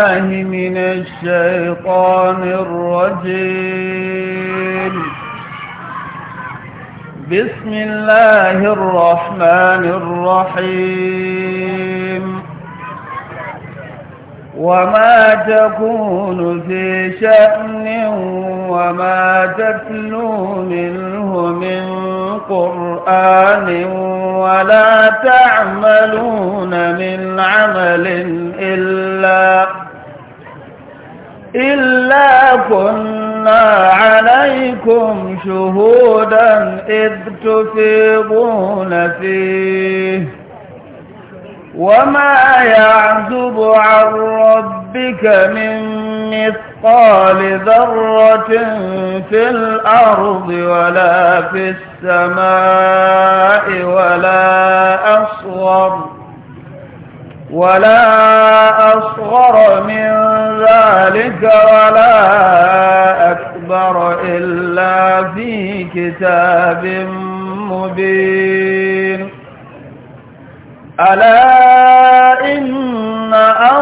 الله من الشيطان الرجيم بسم الله الرحمن الرحيم وما تكون في شأن وما تتلو منه من قرآن ولا تعملون من عمل إلا إلا كنا عليكم شهودا إذ تفيضون فيه وما يعزب عن ربك من مثقال ذرة في الأرض ولا في السماء ولا أصغر ولا أصغر من ذلك ولا أكبر إلا في كتاب مبين ألا إن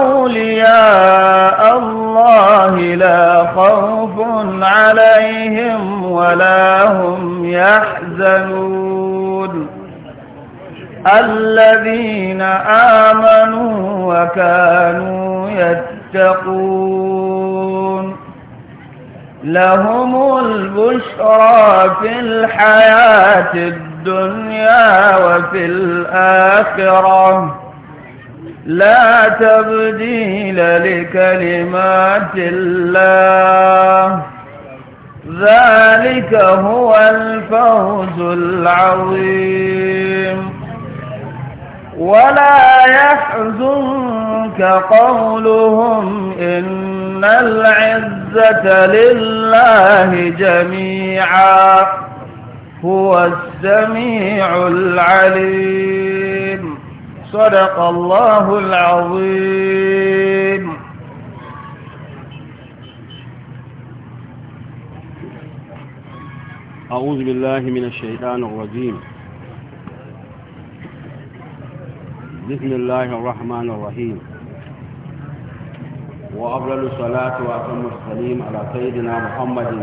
أولياء الله لا خوف عليهم ولا هم يحزنون الذين آمنوا وكانوا يتقون يتقون لهم البشرى في الحياة الدنيا وفي الآخرة لا تبديل لكلمات الله ذلك هو الفوز العظيم ولا يحزنك قولهم إن العزة لله جميعا هو السميع العليم صدق الله العظيم أعوذ بالله من الشيطان الرجيم بسم الله الرحمن الرحيم وأفضل الصلاة وأتم السليم على سيدنا محمد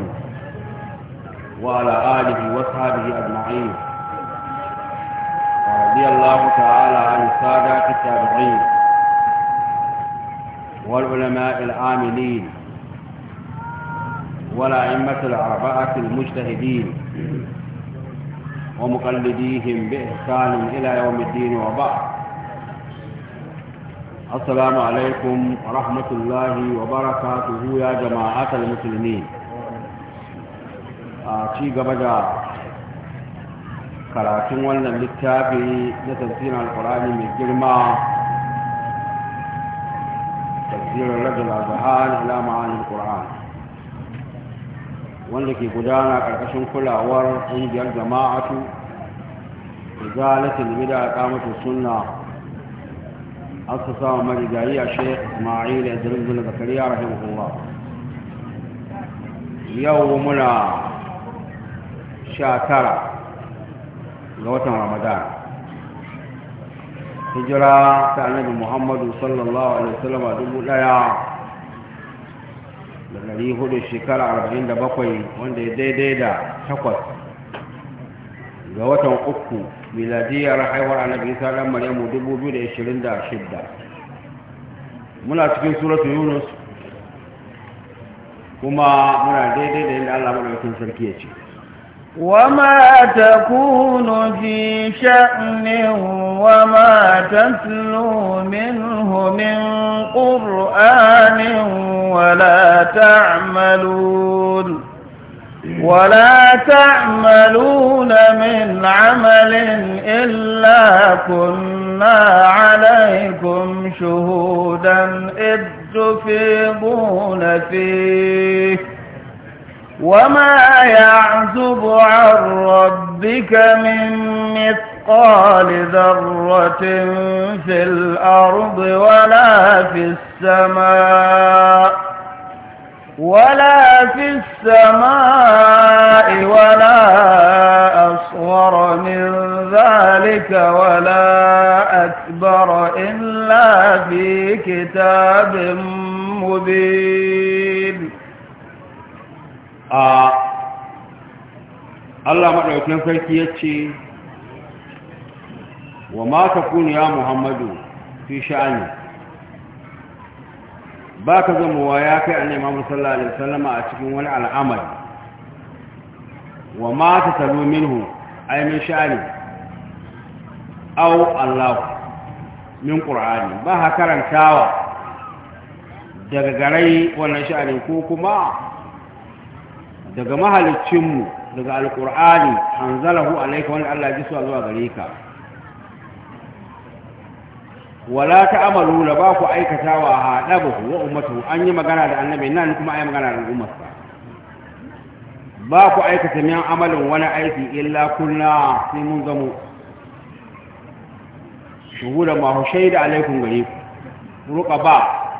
وعلى آله وصحبه أجمعين رضي الله تعالى عن السادات التابعين والعلماء العاملين والأئمة الأربعة المجتهدين ومقلديهم بإحسان إلى يوم الدين وبعد السلام عليكم ورحمة الله وبركاته يا musulmi a ci gaba da karatun wannan littafi na tafsirin alkurani mai girma tafsirin rajul azhar ila ma'ani wanda ke gudana karkashin kulawar ƙungiyar jama'atu izalatul bid'a qamatu sunna. asa sawa mari gariya sheikh ma'il azrin bin zakariya rahimahullah yau muna 19 ga watan ramadan hijira ta annabi muhammadu sallallahu alaihi wasallam a dubu daya da ɗari hudu shekara 47 wanda ya daidai da takwas ga watan uku miladiyar haihuwar annabi isa dan maryamu 2026 muna cikin suratul yunus kuma muna daidai da yadda Allah madaukakin sarki ya ce وما تكون في شأن وما تتلو منه من قرآن ولا تعملون ولا تعملون من عمل إلا كنا عليكم شهودا إذ تفيضون فيه وما يعزب عن ربك من مثقال ذرة في الأرض ولا في السماء ولا في السماء ولا أصغر من ذلك ولا أكبر إلا في كتاب مبين آه. الله مدعوكم فيكي وما تكون يا محمد في شأنك ba ka zamowa ya kai an Muhammad sallallahu alaihi wasallam a cikin wani al'amari wa ma ta talu minhu ay min sha'ani au Allah min Qur'ani ba ha karantawa daga garai wannan sha'ani ko kuma daga mahaliccinmu daga alqur'ani anzalahu alayka wani Allah ya ji zuwa gare ka wala ta'amalu la ba ku aikata wa hadabu wa ummatu an yi magana da annabi nan kuma ai magana da ummata ba ku aikata min amalin wani aiki illa kunna sai mun zamo shuhuda ma hu shaida alaikum gare ku ruka ba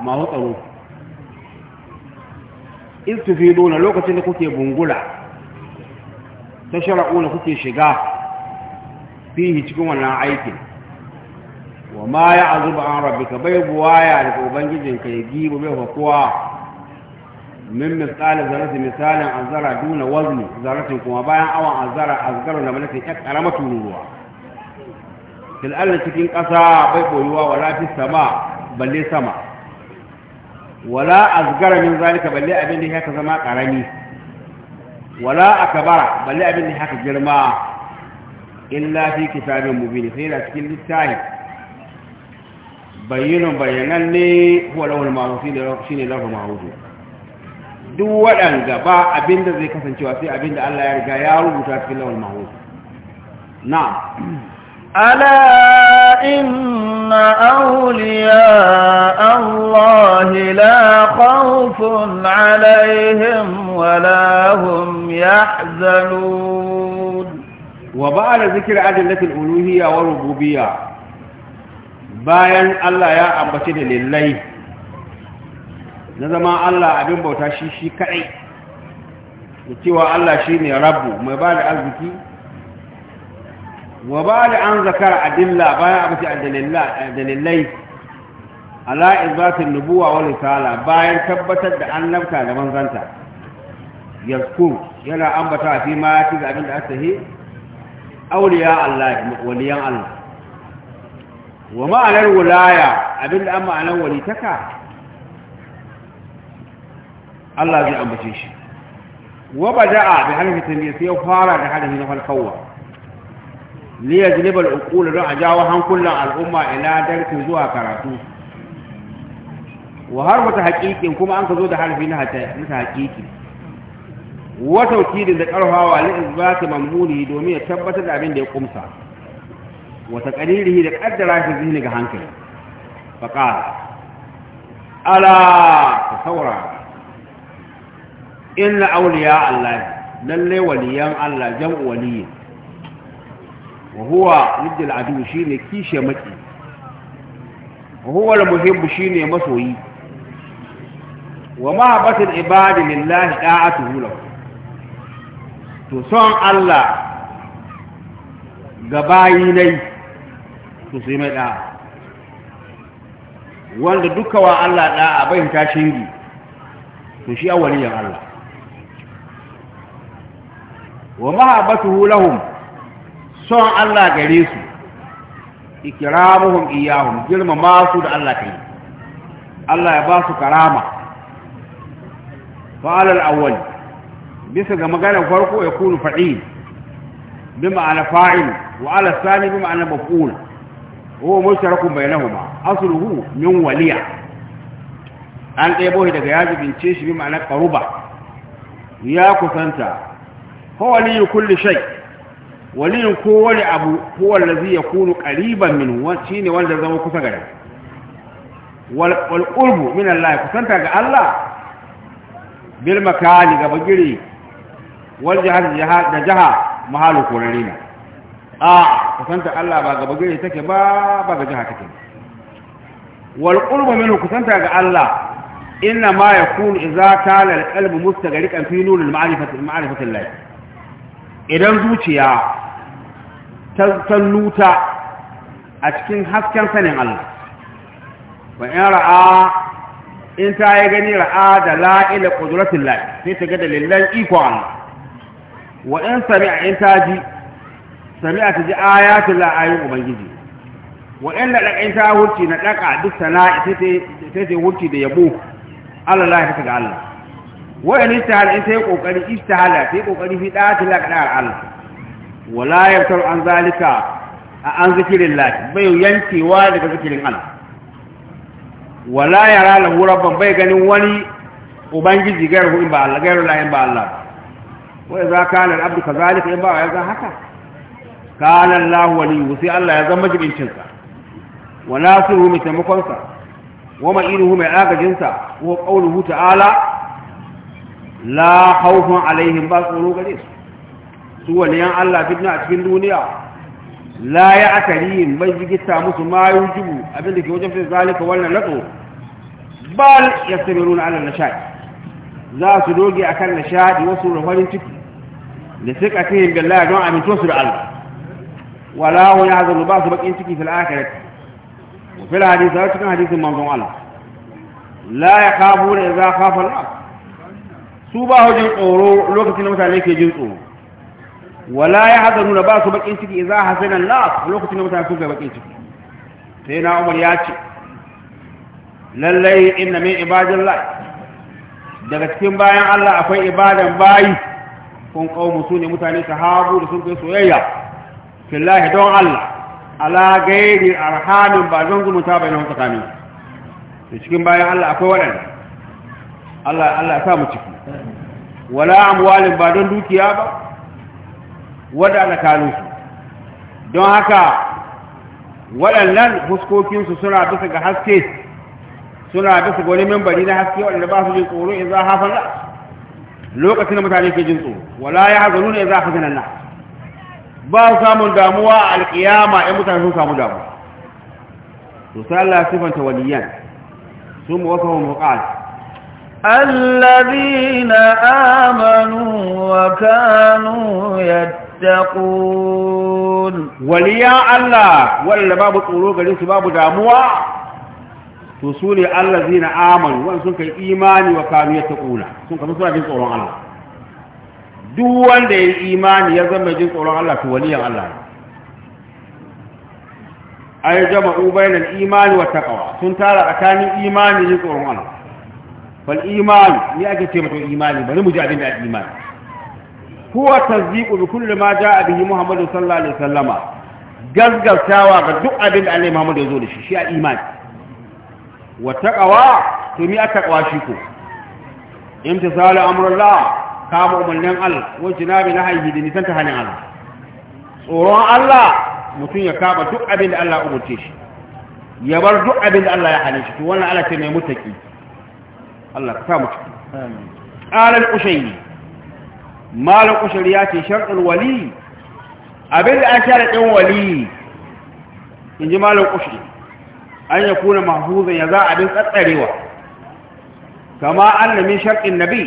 ma hu tsaro in tufiduna lokacin da kuke bungula ta shara'una kuke shiga fihi cikin wannan aikin wa ma ya azuba an rabbi, ka bai buwaya da ubangijin ka ya gibu bai kowa min misali zarati misalin azara duna wazni zaratin kuma bayan awan azara azgaru na malakin ya karama tururuwa fil cikin kasa bai boyuwa wala fi sama balle sama wala azgara min zalika balle abin da ya ka zama karami wala akbara balle abin da ya ka girma illa fi kitabin mubin sai da cikin littafi ne bayyananne huwa lahul shi ne lahul ma'ruf duk waɗanda ba abinda zai kasancewa sai abinda Allah ya riga ya rubuta cikin lahul ma'ruf na ala inna awliya Allah la khawfun alaihim wa hum yahzanun wa ba'da zikir adillati al-uluhiyya wa rububiyyah bayan Allah ya ambaci da lillai na zama Allah abin bauta shi shi kaɗai da cewa Allah shi ne rabu mai ba da arziki wa ba da an zakar adilla bayan abu a dalilai za izbatin nubuwa wa risala bayan tabbatar da an annabta da manzanta yankun yana ambata fi ma ci da abin da aka yi awliya Allah waliyan Allah wa ma'anar wulaya abinda an ma'anar walitaka Allah zai ambace shi wa bada'a bi halin tanbiya sai ya fara da halin na falkawa li yajlibal uqul don a jawo hankulan al'umma ina darki zuwa karatu wa har wata haƙiƙin kuma an ka zo da harfi na haƙiƙi wa tawkidin da ƙarfawa li isbati mamuni domin ya tabbatar da abin da ya kumsa wata ƙaririhi da ƙaddara shi zini ga hankali faƙa ala ta saura In na auliya Allah lalle waliyan Allah jam'u waliyi wa huwa nijjal adu shine kishe maki wa huwa al shi ne masoyi wa ma mahabbatul ibadi lillahi da'atuhu lahu to son Allah ga bayi nai to su mai da'a wanda wa Allah da'a bai ta shingi to shi awwaliyan Allah wa mahabbatuhu lahum son Allah gare su ikramuhum iyahum girmama su da Allah kai Allah ya ba su karama fa'al al-awwal bisa ga maganar farko ya kunu fa'il bi ma'ana fa'il wa ala sani bi ma'ana maf'ul huwa mushtarakun bainahuma asluhu min waliya an ɗebo shi daga yaji bince ma'ana qaruba ya kusanta fa waliyu kulli shay waliyun kowani abu huwa ya yakunu qariban min wa shine wanda zama kusa gare wal wal qurbu min Allah kusanta ga Allah bil makani ga bagire wal jihad a kusanta Allah ba gaba gare take ba ba ga jiha take wal qurbu minhu kusanta ga Allah inna ma yakunu idza kana al qalbu mustaghriqan fi nur al ma'rifati al ma'rifati Allah idan zuciya ta tannuta a cikin hasken sanin Allah wa in ra'a in ta yi gani ra'a da la'ila qudratillah sai ta ga dalilan iko Allah wa in sami'a in ta ji sami'a ta ji ayatul la ubangiji wa inna la dakai ta wurci na daka duk sana'a sai ta ta da yabo Allah la ta ga Allah wa in istihal in sai kokari istihala sai kokari fi da ta la Allah wala yaftar an zalika a an zikirin lahi bai yankewa daga zikirin Allah wala yara la rabban bai ganin wani ubangiji gairu in ba Allah gairu la in ba Allah wa idza kana al-abdu kadhalika in ba ya haka kana Allah waliyu sai Allah ya zama jibincinsa. wa nasiru mai taimakon sa wa ma'iruhu mai agajin wa qauluhu ta'ala la khawfun alaihim ba tsoro gare su su waliyan Allah fitna a cikin duniya la ya akariyin bai jigita musu ma yujibu abinda ke wajen fi zalika wannan latso bal yastamiruna ala nashai za su doge a kan nishadi wasu da farin ciki da suka cikin billahi don amintosu da Allah wala wa ya'zulu ba su bakin ciki fil akhirati wa fil hadith da cikin hadisin manzon Allah la yakhafuna za khafa al su ba hujin tsoro lokacin da mutane ke jin tsoro wala ya yahzanuna ba su bakin ciki idza hasana al lokacin da mutane suka bakin ciki sai na Umar ya ce lallai inna min ibadillah daga cikin bayan Allah akwai ibadan bayi kun kawo su ne mutane sahabu da sun kai soyayya fillahi don Allah ala gairi arhamin ba don zan zumunta bai na tsakanin da cikin bayan Allah akwai waɗanda Allah Allah ya sa mu ciki wala amwalin ba don dukiya ba waɗanda kanu su don haka waɗannan fuskokinsu suna bisa ga haske suna bisa ga wani membari na haske waɗanda ba su jin tsoro in za hafan lokacin da mutane ke jin tsoro wala ya hazanu ne za hazanan na ba samun damuwa a alkiyama 'yan mutane sun samu damuwa to sai Allah sifanta waliyan sun wafa mu amanu wa آمنوا وكانوا يتقون وليا الله ولا باب طولو غري babu damuwa, to su ne Allah zai na aman sun kai imani wa kanu ya taƙuna sun kasu suna jin tsoron Allah duk wanda ya yi imani ya zama jin tsoron Allah to waliyan Allah ay jama'u bainal imani wa taqwa sun tara tsakanin imani da tsoron Allah fal imani ni ake ce mutum imani bari mu ji abin da imani huwa tasdiqu bi kulli ma jaa bihi Muhammadu sallallahu alaihi wasallama gaskatawa ga duk abin da Annabi Muhammad ya zo da shi shi a imani wa taqwa to ni a taqwa shi ko imtisalu amrullah kama umarnin Allah na bi na haihi da nisan ta hannun Allah tsoron Allah mutum ya kama duk abin da Allah umarce shi ya bar duk abin da Allah ya hane shi to wannan Allah ce mai mutaki Allah ka samu ciki ƙalar ƙushayi malin ƙushari ya ce sharɗin wali abin da an sharaɗin wali in ji malin ƙushari an ya kuna mahuzan ya za abin tsatsarewa kama an min sharɗin nabi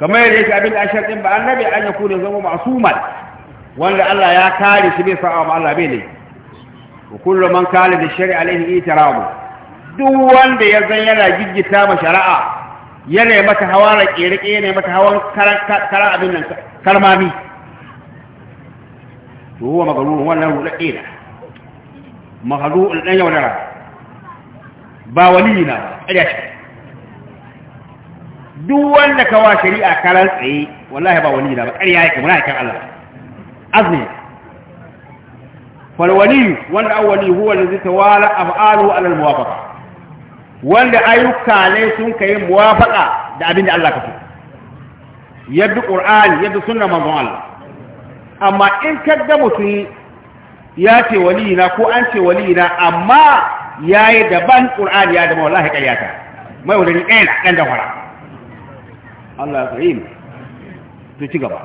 kamar yadda yake abin da a sharɗin ba annabi an ya kone zama masuman wanda Allah ya kare shi bai sa'a ma Allah bai ne ku kullu man kana da shari'a alaihi itiramu duk wanda ya zan yana giggita ma shari'a yana mata hawa da kere yana mata hawan karan abin nan karmami to huwa magalun wannan ruɗa ne mahadu dan yaudara ba waliyina ba ƙarya duk wanda kawa shari'a karan tsaye wallahi ba wani da ba ƙarya yake muna yakan Allah azmi fal wali wanda awwali huwa allazi tawala af'alu ala al muwafaqa wanda ayyuka ne sun kai muwafaqa da abin da Allah ka so yadda qur'ani yadda sunna manzon Allah amma in ka ga mutum ya ce wali na ko an ce wali na amma yayi daban qur'ani ya da wallahi ƙarya ta mai wani ɗaya ɗan da fara الله يطعيم تتقبع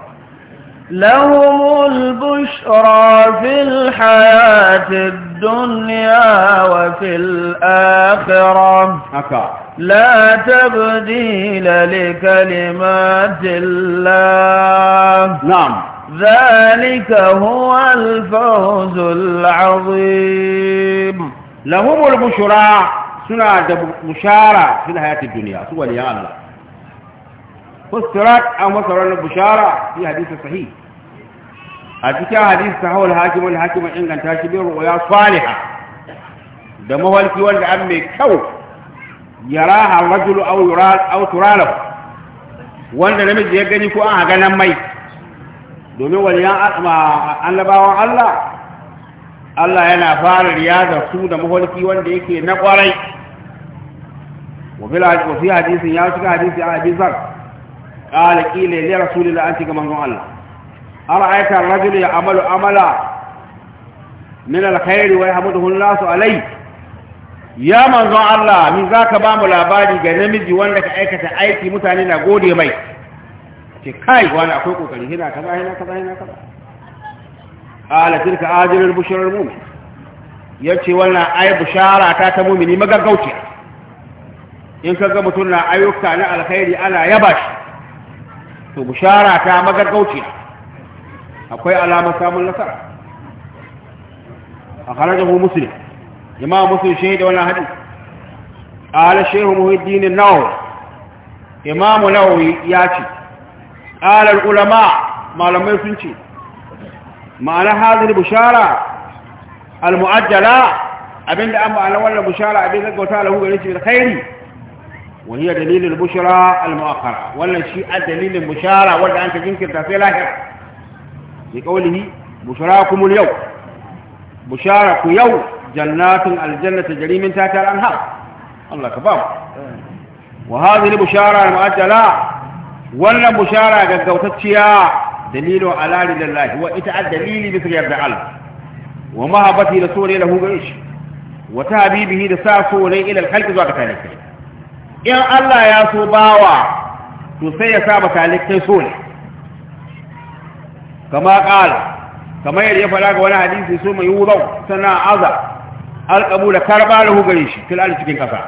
لهم البشرى في الحياة الدنيا وفي الآخرة أكا لا تبديل لكلمات الله نعم ذلك هو الفوز العظيم لهم البشرى سنة بشارة في الحياة الدنيا سوى الله fustirat an masa ranar bushara fi hadisi sahih a cikin hadisi ta hawar hakimin hakimin inganta shi bin ruwa saliha da mawalki wanda an mai kyau yara harajulu au wanda namiji ya gani ko an ganan mai domin waliyan annabawan Allah Allah yana fara riyaza su da mawalki wanda yake na kwarai wa fi hadisin ya shiga hadisi قال قيل لي رسول الله أنت كما قال الله أرأيت الرجل يعمل عملا من الخير ويحمده الناس عليه يا من ذا الله من ba mu labari ga namiji wanda ka aikata aiki mutane na gode mai ce kai wani akwai kokari hina kaza hina kaza hina kaza ala tilka ajrul bushrul mu'min yace wannan ay bushara ta ta mu'mini magaggauciya in ka ga mutum na ayyuka na alkhairi ana yaba shi to bushara ta magargauciya akwai alamar samun nasara a kharajahu muslim jama'a muslim shaida wannan A qala shehu muhiddin an-nawawi imamu nawawi ya ce qala ulama malamai sun ce ma'ana hadhihi bushara al-mu'ajjala abinda an ba'ala wannan bushara abin gaggauta lahu gare shi da khairi وهي دليل البشرى المؤخرة ولا شيء الدليل المشارة ولا أنت تنكر في الآخرة لقوله بشراكم اليوم بشارك يوم جنات الجنة تجري من تحتها الأنهار الله كباب وهذه البشارة المؤجلة ولا بشارة قد قوتتشيا دليل على لله وإتعى الدليل مثل يرد الله ومهبته لسوري له قريش وتهبيبه لساسوري إلى الخلق ذاك ثاني in Allah ya so bawa to sai ya sa makalikai so ne kama ƙala Kama yadda ya fara ga wani hadisi so mai wuzau sana aza alƙabu da karba da hugari shi tilali cikin ƙasa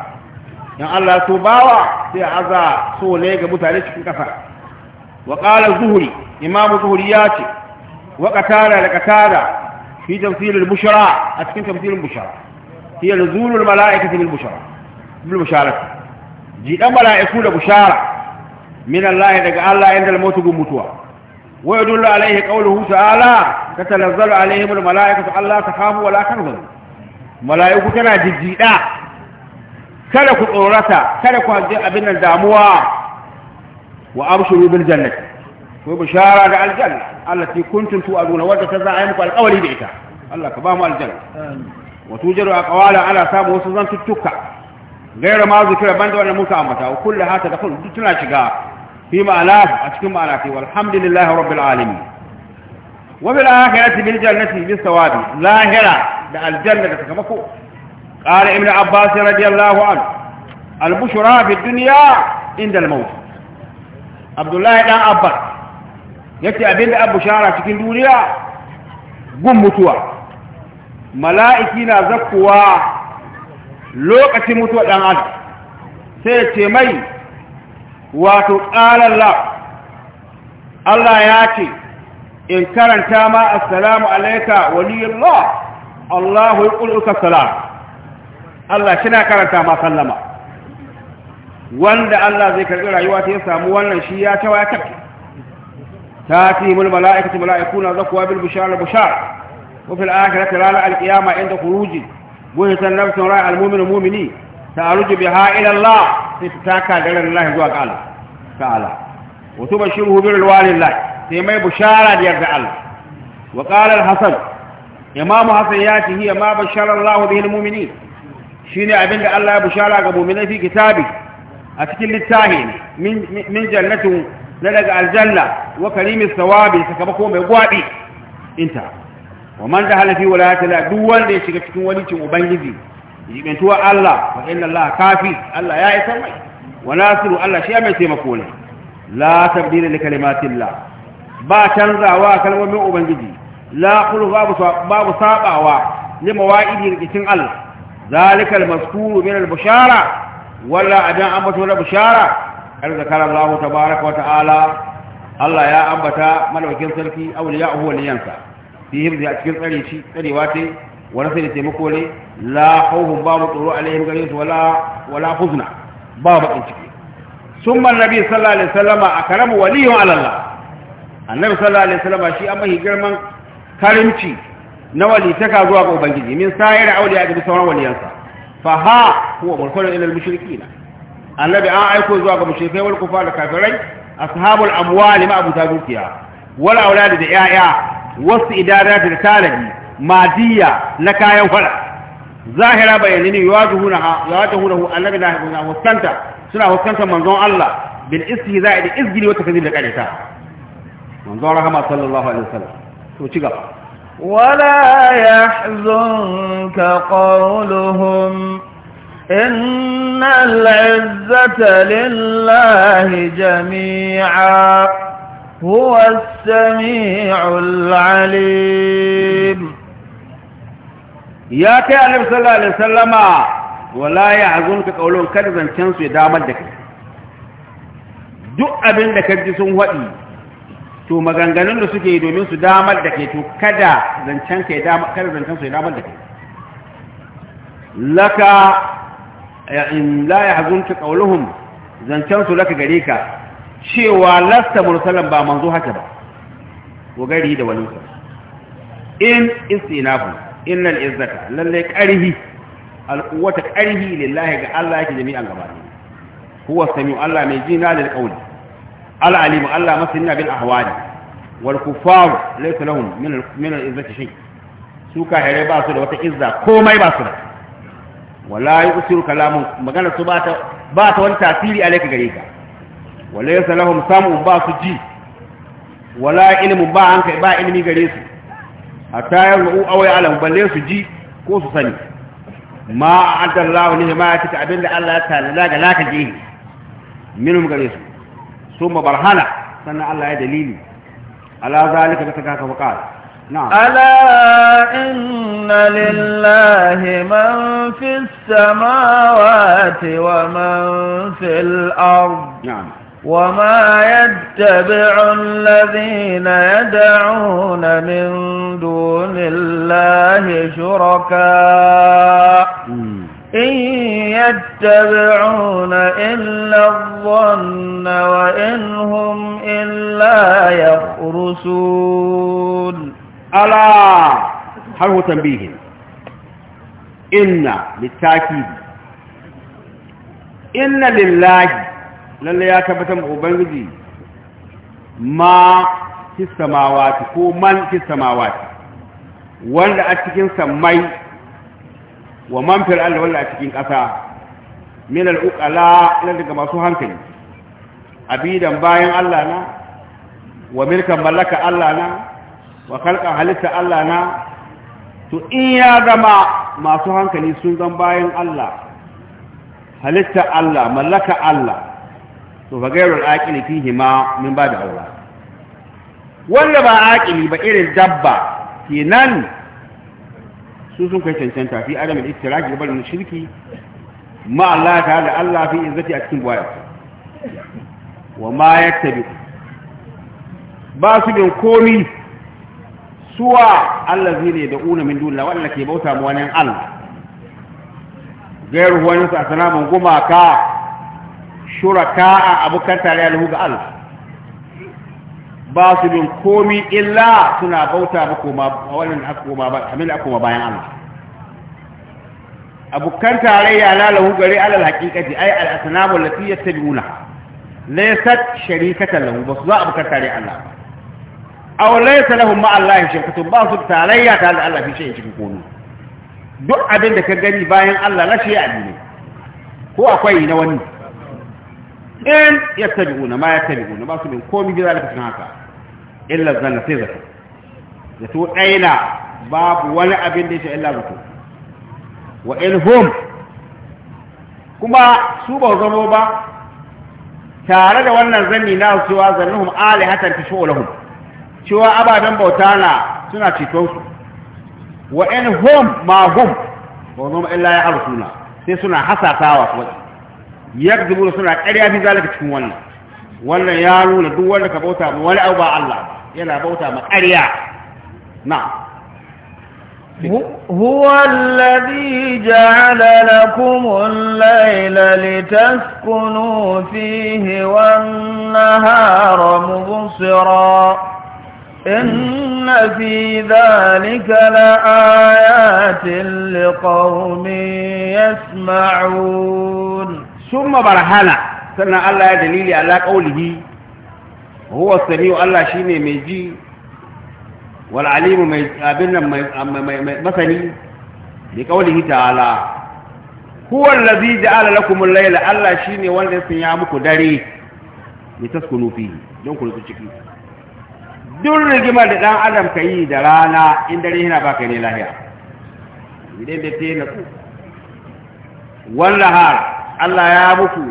in Allah so bawa sai aza so ne ga mutane cikin ƙasa wa ƙala zuhuri imamu zuhuri ya ce wa katara da katara fi tamsilin bushara a cikin tamsilin bushara hiya nuzulul mala'ikati bil bushara bil bushara jidan mala'iku da bushara min Allah daga Allah inda mutu gun mutuwa wa yadullu alaihi qawluhu ta'ala tatanazzalu alaihim almala'ikatu alla takhafu wa la tahzanu mala'iku tana jijjida kada ku tsorata kada ku hanzi abin nan damuwa wa abshiru bil jannati ko bushara da aljanna allati kuntum tu'aduna wadda ta za'a muku alqawli da ita Allah ka ba mu aljanna wa tujaru aqwala ala samu wasu zan zantuttuka غير ما ذكر بند وانا موسى امتا وكل هذا تقول تنا شغا في معناه اشكم معناه والحمد لله رب العالمين وبالاخره بالجنه بالثواب لا هلا بالجنه تكمكو قال ابن عباس رضي الله عنه البشرى في الدنيا عند الموت عبد الله بن عباس yace abinda ابو شارع في الدنيا قم mutuwa mala'iki زكوا lokacin mutuwa ɗan adam sai ce mai wato ƙalalla Allah ya ce in karanta ma assalamu alaika waliyullah Allahu yaquluka salam Allah shi na karanta ma sallama wanda Allah zai karɓi rayuwa ta ya samu wannan shi ya tawa ya tafi تاتيهم Bushara, ملائكون ذكوا بالبشار البشار وفي الآخرة لا القيامة عند خروجه buhitan nafsun ra'a al-mu'minu mu'mini ta'aruju biha ila Allah sai ta taka da ran Allah zuwa ga Allah ta'ala wa tubashiruhu bil walillah sai mai bushara da yadda Allah wa qala al-hasan imam hasan ya ci hiya ma bashara Allah bihi al-mu'minin shine abinda Allah ya bushara ga mu'minai fi kitabi a cikin littafi min min jannatin na daga aljanna wa karimis sawabi sakamako mai gwabi inta wa man jahala fi walayati la duk wanda ya shiga cikin walicin ubangiji jibantuwa Allah wa inna Allah kafi Allah ya isa mai wa nasiru Allah shi mai taimako ne la tabdila li kalimatillah ba canzawa kalmomin ubangiji la qulu babu babu sabawa li mawaidi rikicin Allah zalika al-mazkuru min al-bushara walla adan ambato na bushara kar zakara Allah tabaaraka wa ta'ala Allah ya ambata malakin sarki awliya'uhu waliyansa fi hibzi a cikin tsare shi tsarewa ta wani sai da taimako ne la khawfun babu tsoro alaihim gare su wala wala huzna ba bakin ciki summa annabi sallallahu alaihi wasallama akramu waliyun ala Allah annabi sallallahu alaihi wasallama shi an hi girman karimci na walitaka zuwa ga ubangiji min sayar auliya ga sauran waliyansa fa ha huwa mursalun ila al-mushrikeena annabi an aiko zuwa ga mushrikai wal kufar da kafirai ashabul amwali ma abu dukiya wal aulad da yaya wasu idara da tanadi madiya na kayan fara zahira bayani ne yuwajuhunahu annabi da hakuna huskanta suna huskantar manzon Allah bil istihza'i da izgili wa takzib da karita manzon rahama sallallahu alaihi wasallam to ci gaba wala yahzunka qawluhum inna al-izzata lillahi jami'a هو kai العليم يا كي النبي صلى الله عليه وسلم ولا يحزنك قولهم كذبا كنسو يدامل دك duk abin da ka sun haɗi to maganganun da suke domin su damar da ke to kada zancen ka kada damar da ke in la yahzunka qawluhum zancen su laka gare ka cewa lasta mursalan ba manzo haka ba wa gari da wani in istinafu innal izzata lalle qarihi alquwwata qarihi lillahi ga Allah yake jami'an gaba ne huwa samiu Allah mai jina lil qawli al alim Allah masinna bil ahwali wal kuffar laysa lahum min min al izzati shay su ka hare ba su da wata izza komai ba su da wala yusiru kalamun magana su ba ta ba ta wani tasiri alaika gare ka wale yasa lahum samun ba su ji wala ilimin ba an kai ba ilimi gare su a tayar yanzu awai alam balle su ji ko su sani ma a adallahu ne ma abin da Allah ya talala ga laka ji minum gare su summa barhana sannan Allah ya dalili ala zalika da kaka faqa ألا إن لله من في السماوات ومن في الأرض نعم وما يتبع الذين يدعون من دون الله شركاء إن يتبعون إلا الظن وإن هم إلا يخرسون ألا حلو تنبيه إن للتأكيد إن لله lalle ya tabbatar da ubangiji ma fi samawati ko man fi samawati wanda a cikin sammai wa man fil ardi wanda a cikin ƙasa min al uqala daga masu hankali abidan bayan Allah na wa milkan mallaka Allah na wa khalqa halitta Allah na to in ya zama masu hankali sun zan bayan Allah halitta Allah mallaka Allah to ba gairu aqili fihi ma min ba da aura wanda ba aqili ba irin dabba kenan su sun kai cancanta fi adam al-istiraki ga barin shirki ma Allah ta da Allah fi izzati a cikin buwaya wa ma yattabi ba su bin komi suwa Allah zai ne da una min duniya wanda ke bauta ma wani Allah gairu wani sa sanamun gumaka shuraka a abokan tare alhu ga Allah ba su bin komi illa suna bauta ba koma wannan akoma ba hamil akoma bayan Allah abokan tarayya na lahu gare alal haqiqati ay al asnamu allati yattabi'una laysat sharikatan lahu ba su za abokan tarayya Allah aw laysa lahum ma Allah shirkatun ba su tarayya ta da Allah fi shi cikin komi duk abin da ka gani bayan Allah na shi ya ne ko akwai na wani in una ma una ba su bin komi bi da cikin haka illa zanna sai zato to aina babu wani abin da ya illa zato wa in hum kuma su ba zamo ba tare da wannan zanni na cewa zannuhum alihatan tashu'ulahum cewa ababen bauta na suna ceton su wa in hum ma hum ba zama illa ya arsuna sai suna hasatawa su wajen يكذبون رسولنا أريا في ذلك تكون ولا يالو لدول لك بوتا ولا أوبا الله يلا بوتا ما أريا نعم هو الذي جعل لكم الليل لتسكنوا فيه والنهار مبصرا إن في ذلك لآيات لقوم يسمعون summa barhana sannan Allah ya dalili ala qaulihi huwa samiu Allah shine mai ji wal mai abin nan mai masani bi qaulihi ta'ala huwa allazi ja'ala lakum al-layla Allah shine wanda ya sanya muku dare li taskunu fihi don ku rutsu ciki duk rigimar da dan adam ka yi da rana in dare yana baka ne lahiya idan Allah ya muku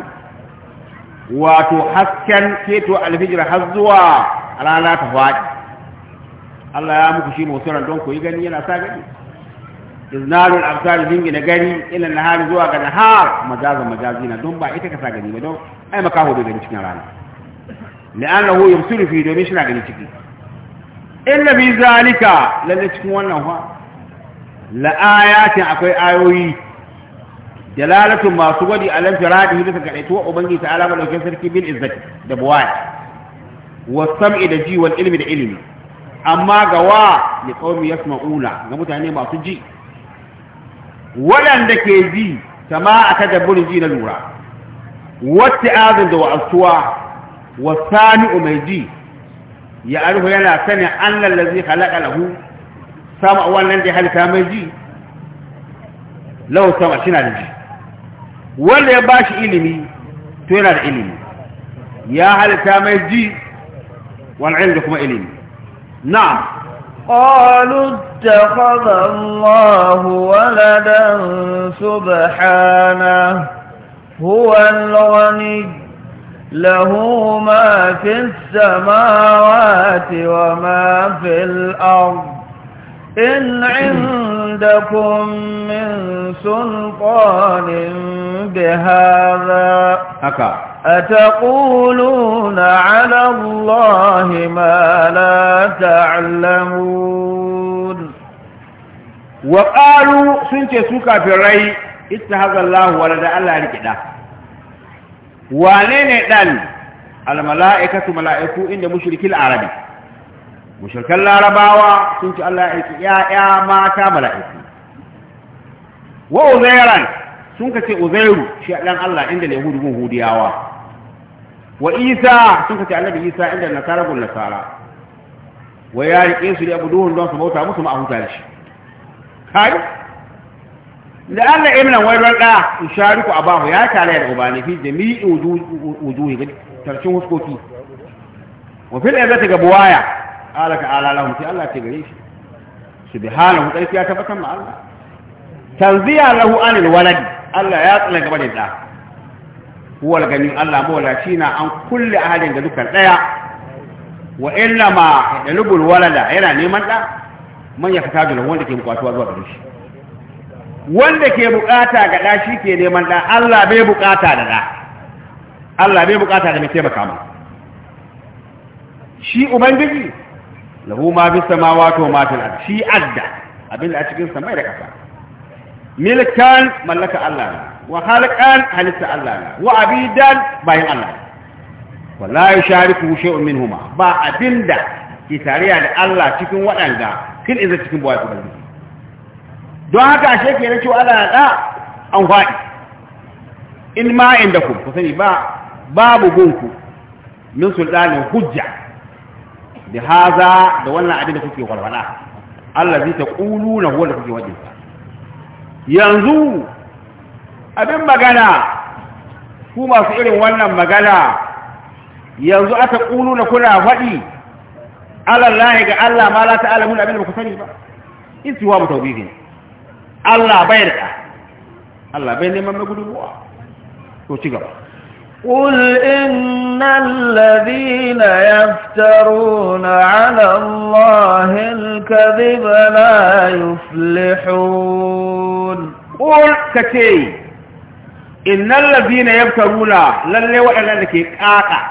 wato hasken keto alfijir har zuwa rana ta faɗi Allah ya muku shi musuran don ku yi gani yana sa gani iznarul absar jingina gari ila nahari zuwa ga nahar majaza majazina don ba ita ka sa gani ba don ai makaho da gani cikin rana la'annahu yumsiru fi domin shi na gani ciki illa bi zalika lalle cikin wannan fa la ayatin akwai ayoyi dalalatun masu gwadi a lan firadi bisa ga ɗaito wa ubangi ta alama ɗauke sarki bil izzati da buwaya wa sam'i da ji wal ilmi da ilimi amma ga wa li qaumi yasma'una ga mutane masu ji waɗanda ke ji sama a tadabburin ji na lura wata azin da wa'astuwa wa sami'u mai ji ya arhu yana sani an lallazi halaka lahu sama wannan da ya halitta mai ji lau sama shi na da ji wanda ya bashi ilimi to yana da ilimi ya halitta mai ji wal'ilm da kuma ilimi na'am قالوا اتخذ الله ولدا سبحانه هو الغني له ما في السماوات وما في الأرض إن عندكم من سلطان بهذا هكا أتقولون على الله ما لا تعلمون وقالوا سنتي سوكا في الرأي اتهز الله ولد الله ركدا وانين دل الملائكة ملائكو إن مشرك العربي mushirkan larabawa sun ci Allah ya aiki ‘ya'ya mata mala'iku wa uzairan sun ka ce uzairu shi ɗan Allah inda ne hudu hudiyawa wa isa sun ka ce annabi isa inda nasara gun nasara wa ya riƙe su da abuduhun don su bauta musu ma'ahuta da shi kai da Allah ya minan wairar ɗa in shariku bahu ya tare da ubani fi jami'i wujuhi tarshen huskoki wa fil izzati ga buwaya qala ala lahum sai Allah ce gare shi subhanahu tsarki ya tabbatar ma Allah tanziya lahu anil walad Allah ya tsala gaba da da huwal ganin Allah shi na an kulle ahadin da dukkan daya wa illa ma dalubul walada yana neman da man ya da wanda ke bukatuwa zuwa gare shi wanda ke bukata ga da shi ke neman da Allah bai bukata da da Allah bai bukata da mai taimaka ma shi ubangiji lahu ma bis samawati wa ma fil ard shi adda abinda a cikin samai da kasa milkan mallaka Allah wa halqan halitta Allah wa abidan bayin Allah wala yushariku shay'un minhuma ba abinda ke tariya da Allah cikin waɗanda kin iza cikin buwa ubangiji don haka ashe kenan cewa Allah da an faɗi in ma inda ku ku sani ba babu gunku min sultanin hujja Da haza da wannan abin da kuke walwala allazi na huwa da kuke wajin yanzu abin magana ku masu irin wannan magana yanzu aka na kuna faɗi alallahi ga Allah ma la ta'alamu abin da ku sani ba in istiwa mu tawbihin Allah bai da Allah bai neman mai ruwa, to ci gaba قل إن الذين يفترون على الله الكذب لا يفلحون قل كتي إن الذين يفترون للي وإلا لكي قاقع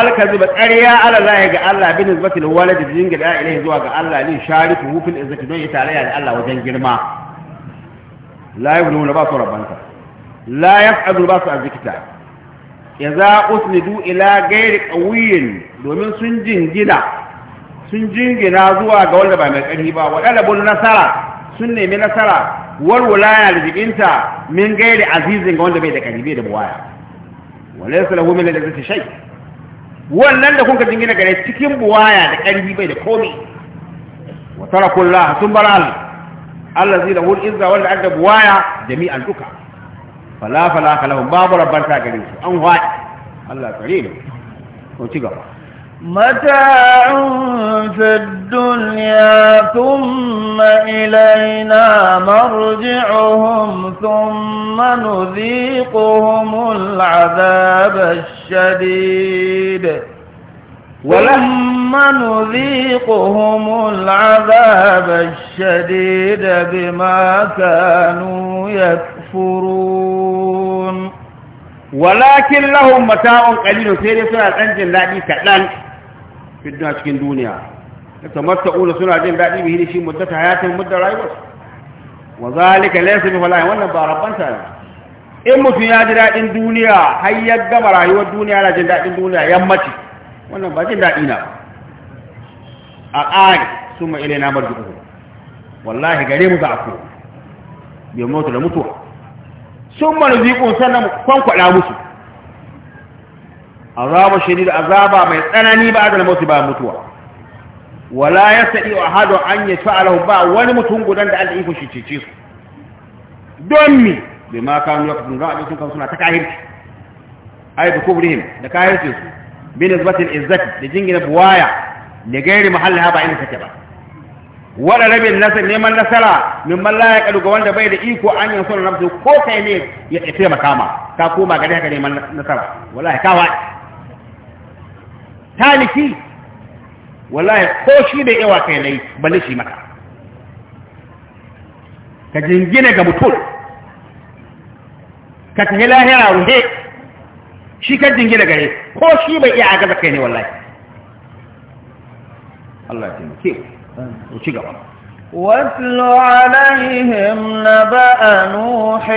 الكذب أريا على الله يقع الله بالنسبة للولد الزنجل إليه زواج الله لي ليشاركه في الإزتدون يتعليها لألا وزنجل ما لا يبنون باطو ربانك la yaf'alu ba su azikita idza usnidu ila ghairi qawiyin domin sun jingina sun jingina zuwa ga wanda ba mai ƙarfi ba wa dalabul nasara sun nemi nasara wal wilaya da jibinta min gairi azizin ga wanda bai da ƙarfi da buwaya wannan da kuka jingina gare cikin buwaya da ƙarfi bai da komai wa tarakullah sun bar Allah allazi lahu izza wal adab buwaya jami'an duka فلا فلا فلا باب ربك gare su an waɗi Allah karilu متاع في الدنيا ثم إلينا مرجعهم ثم نذيقهم العذاب الشديد ولما نذيقهم العذاب الشديد بما كانوا يكفرون يكفرون ولكن لهم متاع قليل سيري سنة أنجل لأني كأدان في الدنيا تكين دونيا يتمتعون سنة أجل بعدين بهذه الشيء مدة حياتهم مدة رأيبس وذلك ليس بفلاء وانا باربا سنة إما في هذه الدنيا دونيا هيا الدمر هي الدنيا على جنة دونيا يمتي وانا باجنة دائنا الآن ثم إلينا مرجعه والله قريب ضعفه يموت لمتوح sun marzikun sannan kwankwada musu shi azaba shadid azaba mai tsanani ba da mutu ba mutuwa wala ya yastadi ahadu an yafa'alahu ba wani mutum gudan da Allah iko shi cece su don mi bai ma kanu ya kafin don abincin kan suna ta kahirci ai da kubrihim da kahircin su bin izbatin izzati da jingina buwaya da gairi mahalla haɓa, inda take ba wala rabin nasar neman nasara min man la yaqdu ga wanda bai da iko an yin sunan nafsu ko kai ne ya tafi ma ka koma gare ka neman nasara wallahi wai taliki wallahi ko shi bai yawa kai nai balle shi maka ka jingine ga mutul ka ta lahira ruhe shi ka jingine gare ko shi bai iya agaza kai ne wallahi Allah ya taimake واتل عليهم نبأ نوح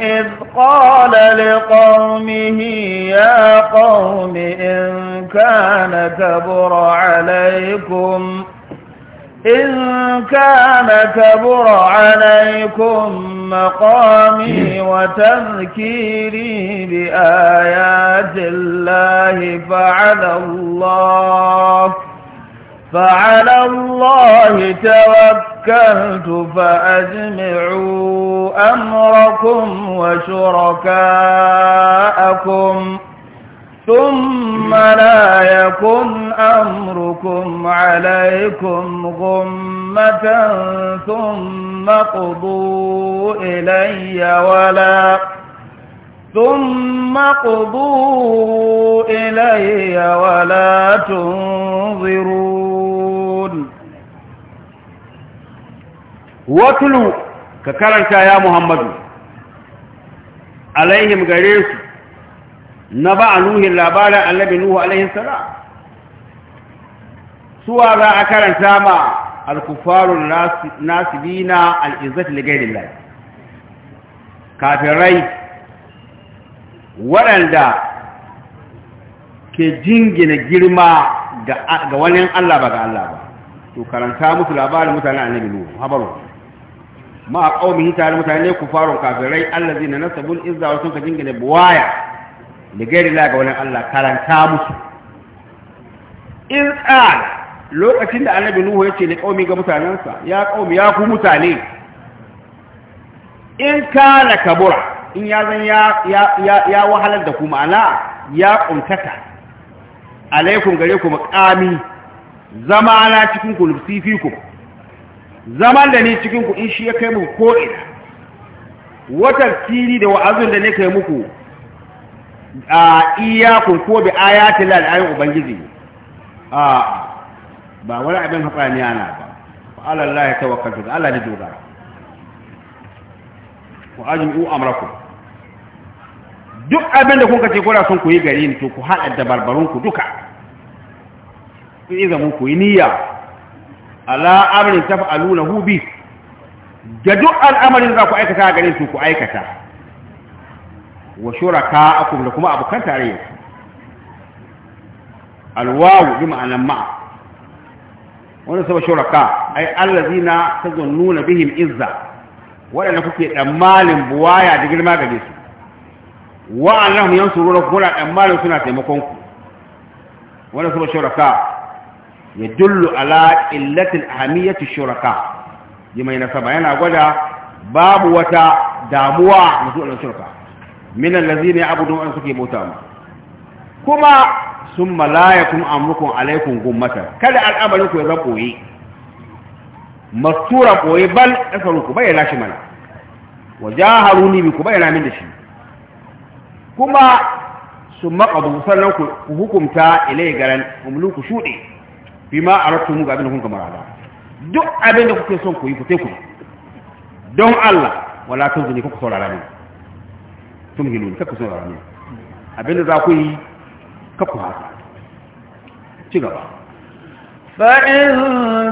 إذ قال لقومه يا قوم إن كان كبر عليكم إن كان كبر عليكم مقامي وتذكيري بآيات الله فعلى الله فعلى الله توكلت فأجمعوا أمركم وشركاءكم ثم لا يكن أمركم عليكم غمة ثم قضوا إلي ولا ثم قضوا إلي ولا تنظرون watulu ka karanta ya muhammadu alaihim gare su na ba a nuhin labarin annabi nuhu alaihim salam suwa za a karanta ma alkufarun nasibina al'izzat gairin lai kafirai waɗanda ke jingina girma ga wani Allah ba ga Allah ba to karanta musu labarin mutanen annabi nuhu habaru ma a ƙaumihi tare mutane ku faron kafirai allazi na nasabul izza wasu ka jingina buwaya da gairi la ga wani Allah karanta musu in tsar lokacin da annabi nuhu ya ce da ƙaumi ga mutanensa ya ƙaumi ya ku mutane in kana kabura in ya zan ya wahalar da ku ma'ana ya ƙuntata alaikum gare ku makami zama na cikin ku lufsi fi ku zaman da ni cikin ku in shi ya kai mu ko ina watar tiri da wa'azin da ne kai muku a iyakun ko bi ayatil al'ayin ubangiji a ba wani abin haƙani ana ba fa Allah ya tawakkaltu Allah ne dogara Ku ajmu'u amraku duk abin da kuka ce kuna son ku yi gari ne to ku haɗa dabarbarun ku duka ku yi zaman ku yi niyya ala amrin taf'alunahu bi da duk al'amarin za ku aikata a gare su ku aikata wa shuraka akum da kuma abokan tarayya alwawu bi ma'anan ma Wannan saba shuraka ai allazina tazunnuna bihim izza wadanda kuke tsammanin buwaya da girma gare su wa annahum yansuruna kuna tsammanin suna taimakon ku Wannan saba shuraka Ya dullu ala illatil ahamiyati shuraka yi mai nasaba yana gwada babu wata damuwa musu da shuraka minan lazina ya abudu wanda suke bauta mu kuma sun malayakun amurkun alaikun gummata kada al'amarin ku ya zan koyi mastura koyi bal ɗasarun ku bayyana shi mana wa jaharuni bi ku bayyana min da shi kuma sun maƙabu sannan ku hukumta ilai garan umlu ku shuɗe bima aratumu ga abin da kun kamar ala duk abin da kuke son koyi ku don Allah wala tunzuni kuka saurara ne tun hilu kuka saurara ne abin za ku yi kaku haka ci gaba فإن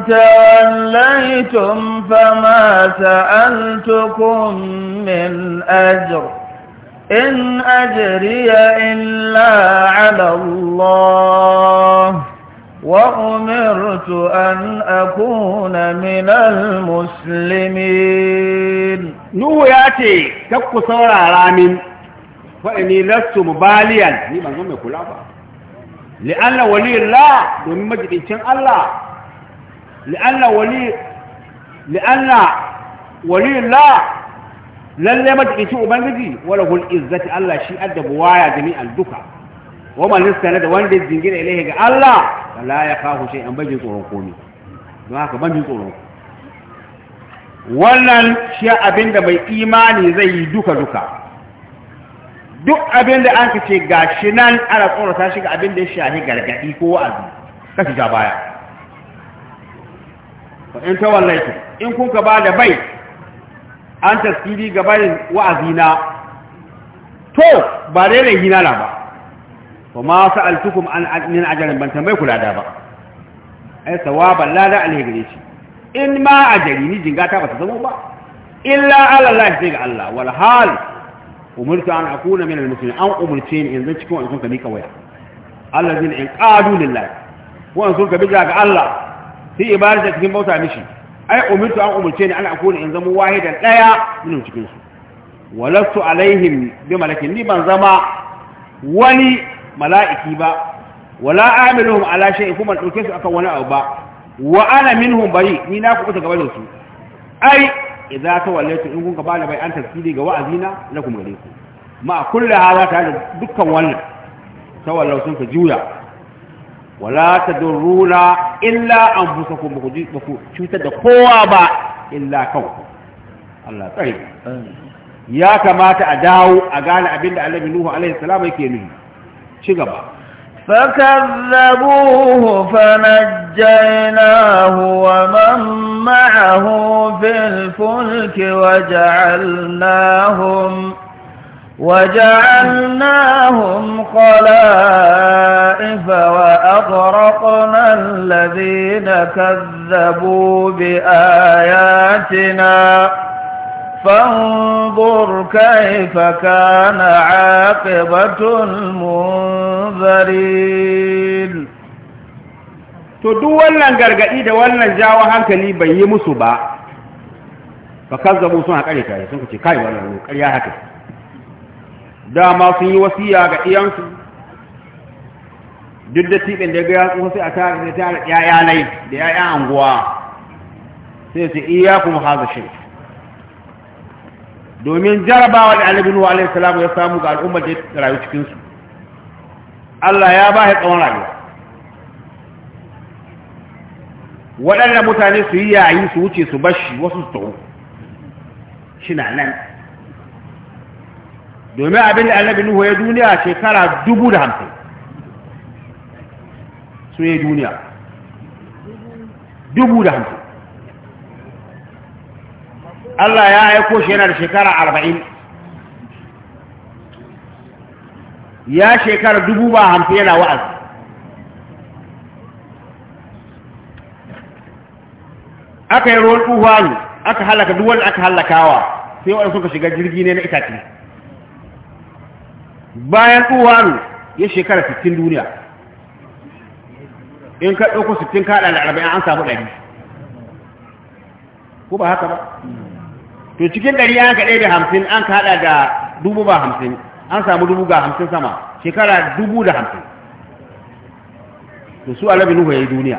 توليتم فما سألتكم من أجر إن أجري إلا على الله وأمرت أن أكون من المسلمين نوه ياتي تبقى صورة رامين فإني لست مباليا ني من ظلم كلابا لأن ولي الله ومن مجد إنسان الله لأن ولي لأن ولي الله لن يمد إنسان أبنجي وله الإزة الله شيء أدب وايا جميعا دكا wa man istana da wanda zingira ilaihi ga Allah la ya kafu shay an bajin tsoron komai don haka ban jin tsoron wannan shi abinda mai imani zai yi duka duka duk abinda an kace gashi nan ana tsorata shi ga abinda ya shahi gargadi ko wa'azi kashi ja baya fa in ta wallahi in kun ka bada bai an tasiri ga bayin wa'azina to ba dai ne hinala ba wa ma sa'altukum an min ajarin ban tambaye ku lada ba ai sawaban lada alheri ce. in ma ajari ni jinga ta bata zama ba illa ala Allah sai ga Allah wal hal umirtu an akuna min almuslimin an umurce ni yanzu cikin wannan ka mika waya allazin in qadu lillahi wannan sun ka bija ga Allah sai ibadata cikin bauta mishi ai umirtu an umurce ni an akuna in zama wahidan daya min cikin su walastu alaihim bi malakin ni ban zama wani mala'iki ba wala amiluhum ala shay'in kuma dauke su akan wani abu ba wa ana minhum bari ni na ku gaba da su ai idza tawallaitu in kun ka bani bai an tafsiri ga wa'azina na kuma gare ku ma a kullu hada ta dukkan wannan tawallau sun ka juya wala ta tadurruna illa an anfusakum ba ku cutar da kowa ba illa kanku Allah tsare ya kamata a dawo a gane abinda Annabi Nuhu alaihi salam yake nuni. ci فكذبوه فنجيناه ومن معه في الفلك وجعلناهم وجعلناهم خلائف وأغرقنا الذين كذبوا بآياتنا فانظر كيف كان عاقبة المنذرين to duk wannan gargadi da wannan jawo hankali bai yi musu ba fa kazzabu sun kare ta sun kace kai wannan ƙarya haka dama sun yi wasiya ga iyansu duk da tiɓin da ga yatsu sai a tare da tare ƴaƴa nai da ƴaƴan anguwa sai su iya kuma haza shi. domin jarabawa da alibin wa alaihi salamu ya samu ga al'ummar da ya rayu cikinsu Allah ya ba shi tsawon rayuwa waɗanda mutane su yi yayi su wuce su bashi wasu su shi na nan domin abin da alibin nuhu ya duniya shekara dubu da hamsin su yi duniya dubu da hamsin Allah ya aiko shi yana da shekara arba'in ya shekara dubu ba hamsin yana wa'az aka yi ruwan tsuhani aka halaka duk wanda aka halakawa sai waɗanda suka shiga jirgi ne na itace bayan tsuhani ya shekara 60 duniya in ka ɗauko 60 kaɗa da arba'in an samu ɗari ko ba haka ba to cikin ɗari an kaɗai da hamsin an kaɗa da dubu ba hamsin an samu dubu ga hamsin sama shekara dubu da hamsin to su alabi nuhu ya yi duniya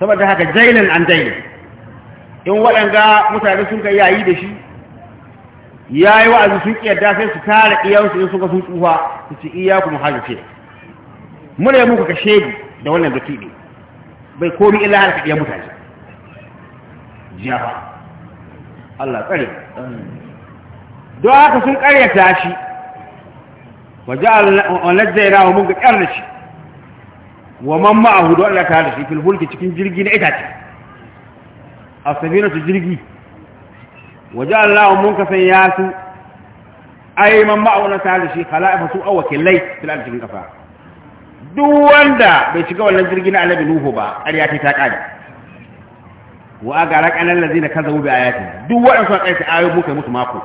saboda haka jailin an jailin in waɗanga mutane sun kai yayi da shi ya yi wa'azi sun ƙiyarda sai su tara ƙiyarsu in suka sun tsufa su ci iya kuma hajji ce muna yi muka kashe ni da wannan da bai komi illa halka iya mutane jiya ba Allah tsare don haka sun karyata shi waje alajjaira wa mun ga kyar da shi wa man ma'ahu don Allah ta da shi filhulki cikin jirgi na itace a sabina su jirgi waje Allah wa mun kasan ya su ai man ma'ahu na ta da shi khala'ifa su awakilai filar cikin kafa duk wanda bai shiga wannan jirgi na annabi nuhu ba ƙarya ta ta ƙada wa a raƙanar lazi na kaza wube a yakin duk waɗansu a ƙarfi ayo muka musu mako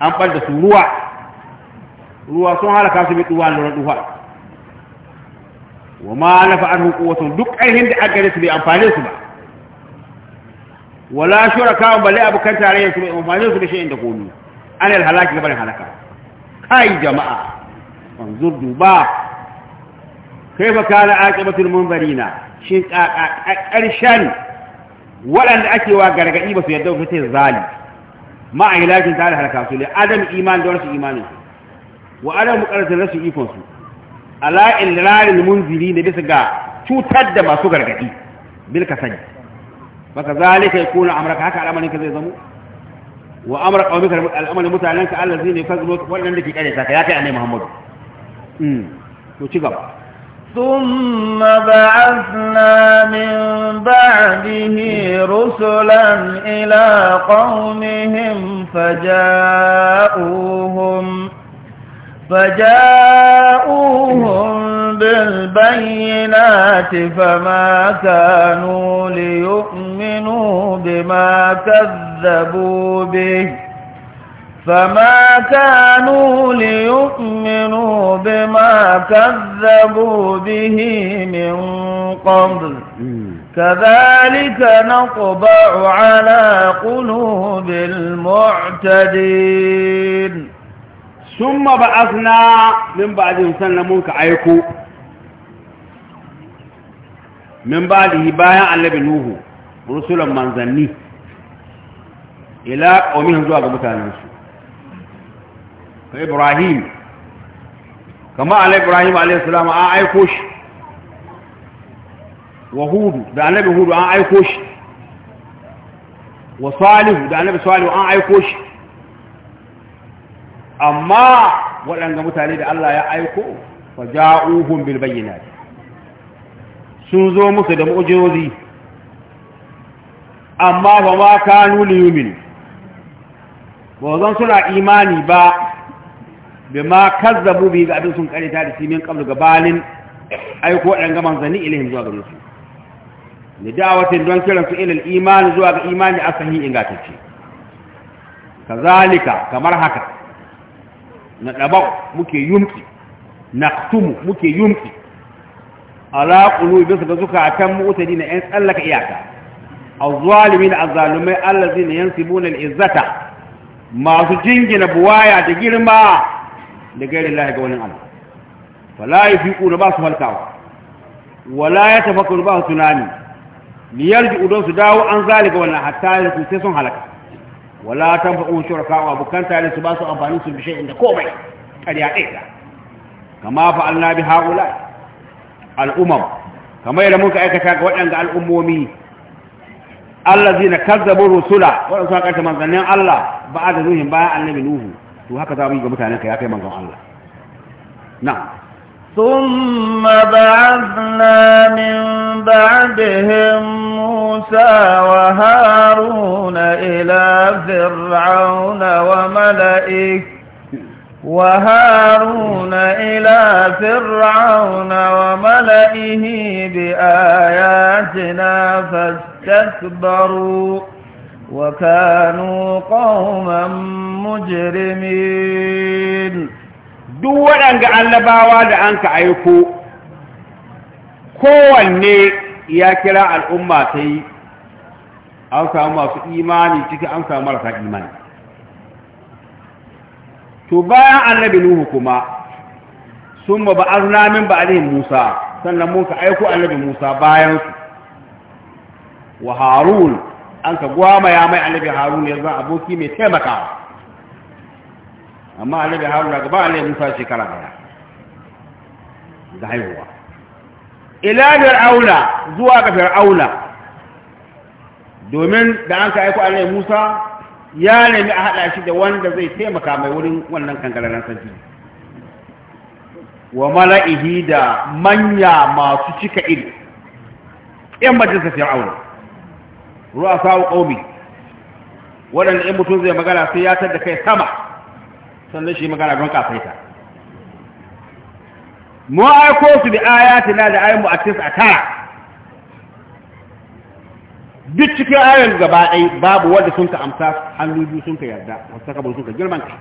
an ɓar da su ruwa ruwa sun halaka su bi ɗuwa lura ɗuwa wa ma na fa'ar hukuwatun duk ƙarfin da aka gare su bai amfane su ba wala shura kawon balle abokan tarayyar su bai amfane su da shi inda komi an yi halaki gabarin halaka kai jama'a manzur duba kai fa kana aqibatul munzarina shin ƙarshen waɗanda ake wa gargaɗi ba su yadda ba sai zali ma a ilajin tare su ne adam iman da rashin imanin su wa adam mukarratin rashin ikon su ala ilrarin munziri ne bisa ga cutar da masu gargaɗi bil ka sani baka zalika yakuna amraka haka al'amarin ka zai zamo wa amra qawmika al'amarin waɗanda ke ka ya muhammadu to ci gaba ثم بعثنا من بعده رسلا إلى قومهم فجاءوهم فجاءوهم بالبينات فما كانوا ليؤمنوا بما كذبوا به فما كانوا ليؤمنوا بما كذبوا به من قبل كذلك نطبع على قلوب المعتدين ثم بعثنا من بعد سلمونك عيكو من بعد هبايا على بنوه رسولا منزلني إلى qaumihin zuwa ga ta ibrahim kama ala ibrahim alaihissalam an aiko shi wa hudu da anabi hudu an aiko shi wa salihu da anabi salihu an aiko shi amma waɗanda mutane da Allah ya aiko fa ja'uhun bilbayyana sun zo musu da mu'jizozi amma ba ma kanu liyumin ba zan suna imani ba bima kazzabu bi ga abin sun karita da shi min qablu gabanin aiko dan gaman zani ilahin zuwa gare su ni da'awatin don kiran su ilal iman zuwa ga imani asahi ingantacce kazalika kamar haka na dabau muke yumki naktumu muke yumki ala qulubi bisa ga zukatan mu'tadina yan tsallaka iyaka الظالمين الظالمين الذين ينسبون العزة Masu jingina buwaya da girma. da gairin lahi ga wani Allah fala yafiqu ba su halkawa wala yatafakkaru ba su tunani liyarji udon su dawo an zalika wannan hatta ya su sai sun halaka wala tanfa'u shuraka'a abukan tare su ba su amfani su bishe inda komai ƙarya ɗaya kama fa fa'alna bi haula al'umam kamar yadda muka aikata ga waɗanda al'ummomi allazina kazzabu rusula waɗanda suka kanta manzannin Allah ba a da zuhin bayan annabi nuhu وهكذا haka za يا yi ga mutanen ka ya ثم بعثنا من بعدهم موسى وهارون إلى فرعون وملئه وهارون إلى فرعون وملئه بآياتنا فاستكبروا وكانوا قوما مجرمين duk waɗanda annabawa da an ka aiko kowanne ya kira al'umma ta yi an samu masu imani ciki an samu marasa imani to bayan annabi nuhu kuma sun ba ba'azna min musa sannan mun ka aiko annabi musa bayan su wa harun an ka gwama ya mai alibi harun ya zama aboki mai taimakawa amma alibi harun daga ba alibi musa shekara daya da haihuwa ila fir'auna zuwa ga fir'auna domin da an ka aiko alibi musa ya nemi a haɗa shi da wanda zai taimaka mai wurin wannan kankararren sarki wa mala'ihi da manya masu cika ido ‘yan majalisar fir'auna ruwa sawu ƙaumi waɗanda in mutum zai magana sai ya da kai sama sannan shi magana don kafaita mu aiko su bi na da ayin mu a tara duk cikin ayon gaba ɗai babu wanda sun ka amsa hannu biyu sun ka yarda wasu takabar sun ka girman ka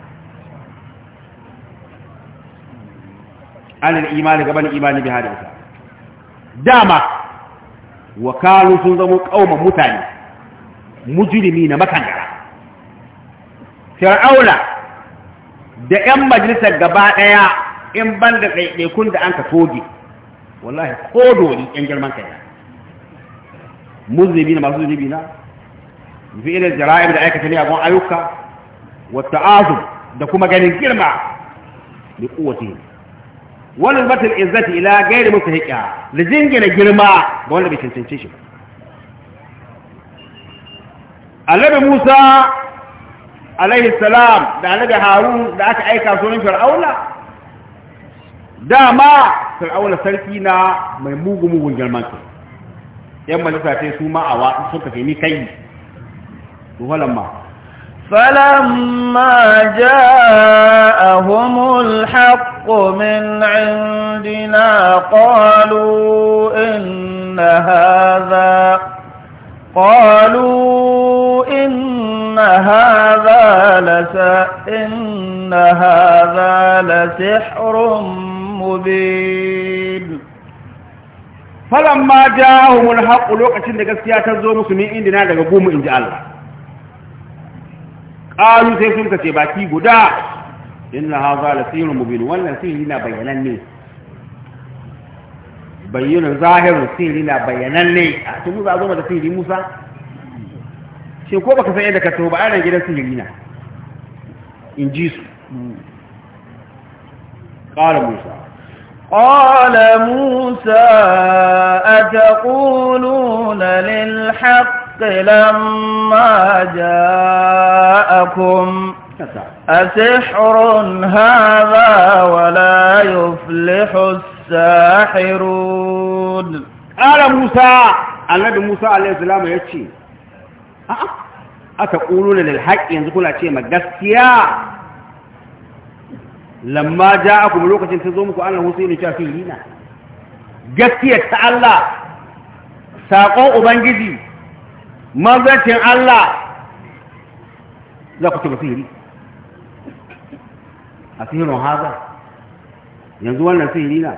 anil imani gaban imani bi hadin dama Wakalu sun zama kauman mutane mujirimi na makangara fir'aula da yan majalisar gaba ɗaya, in ban da ɗaiɗaikun da an ka toge wallahi ko doli yan girman kai muzlimi na masu zunubi na fi'ilin jara'im da aikata ne abun ayyuka wata azu da kuma ganin girma da kowace wannan batul izzati ila gairi hikya da jingina girma ga wanda bai cancanci shi ba annabi Musa alaihi salam da annabi Harun da aka aika su wurin Fir'auna dama Fir'auna sarki na mai mugu mugun girman kai yan majalisa sai su ma awa sun kafe ni kai to walamma فلما جاءهم الحق من عندنا قالوا إن هذا قالوا هذا لس إن هذا لسحر مبين فلما جاءهم الحق لوكتين da gaskiya ta zo musu ne indina daga gumu inji Allah qalu sai sun baki guda inna hadha lasirun mubin wannan sirri na bayananne bayyana zahirin sirri na bayananne a tun za zo da sirri Musa sai ko baka san yadda ka taho ba a ran gidansu yurina in ji su ƙara musa ƙara musa a ta ƙunu na أسحر هذا ولا يفلح الساحرون قال موسى النبي موسى عليه السلام يقول a'a aka ƙulu da lalhaƙi yanzu kuna ce ma gaskiya lamma ja aku lokacin ta zo muku Allah Husainu ta fi yina gaskiya ta Allah saƙon ubangiji manzancin Allah za ku ci sihiri a sihirin haza yanzu wannan sihiri na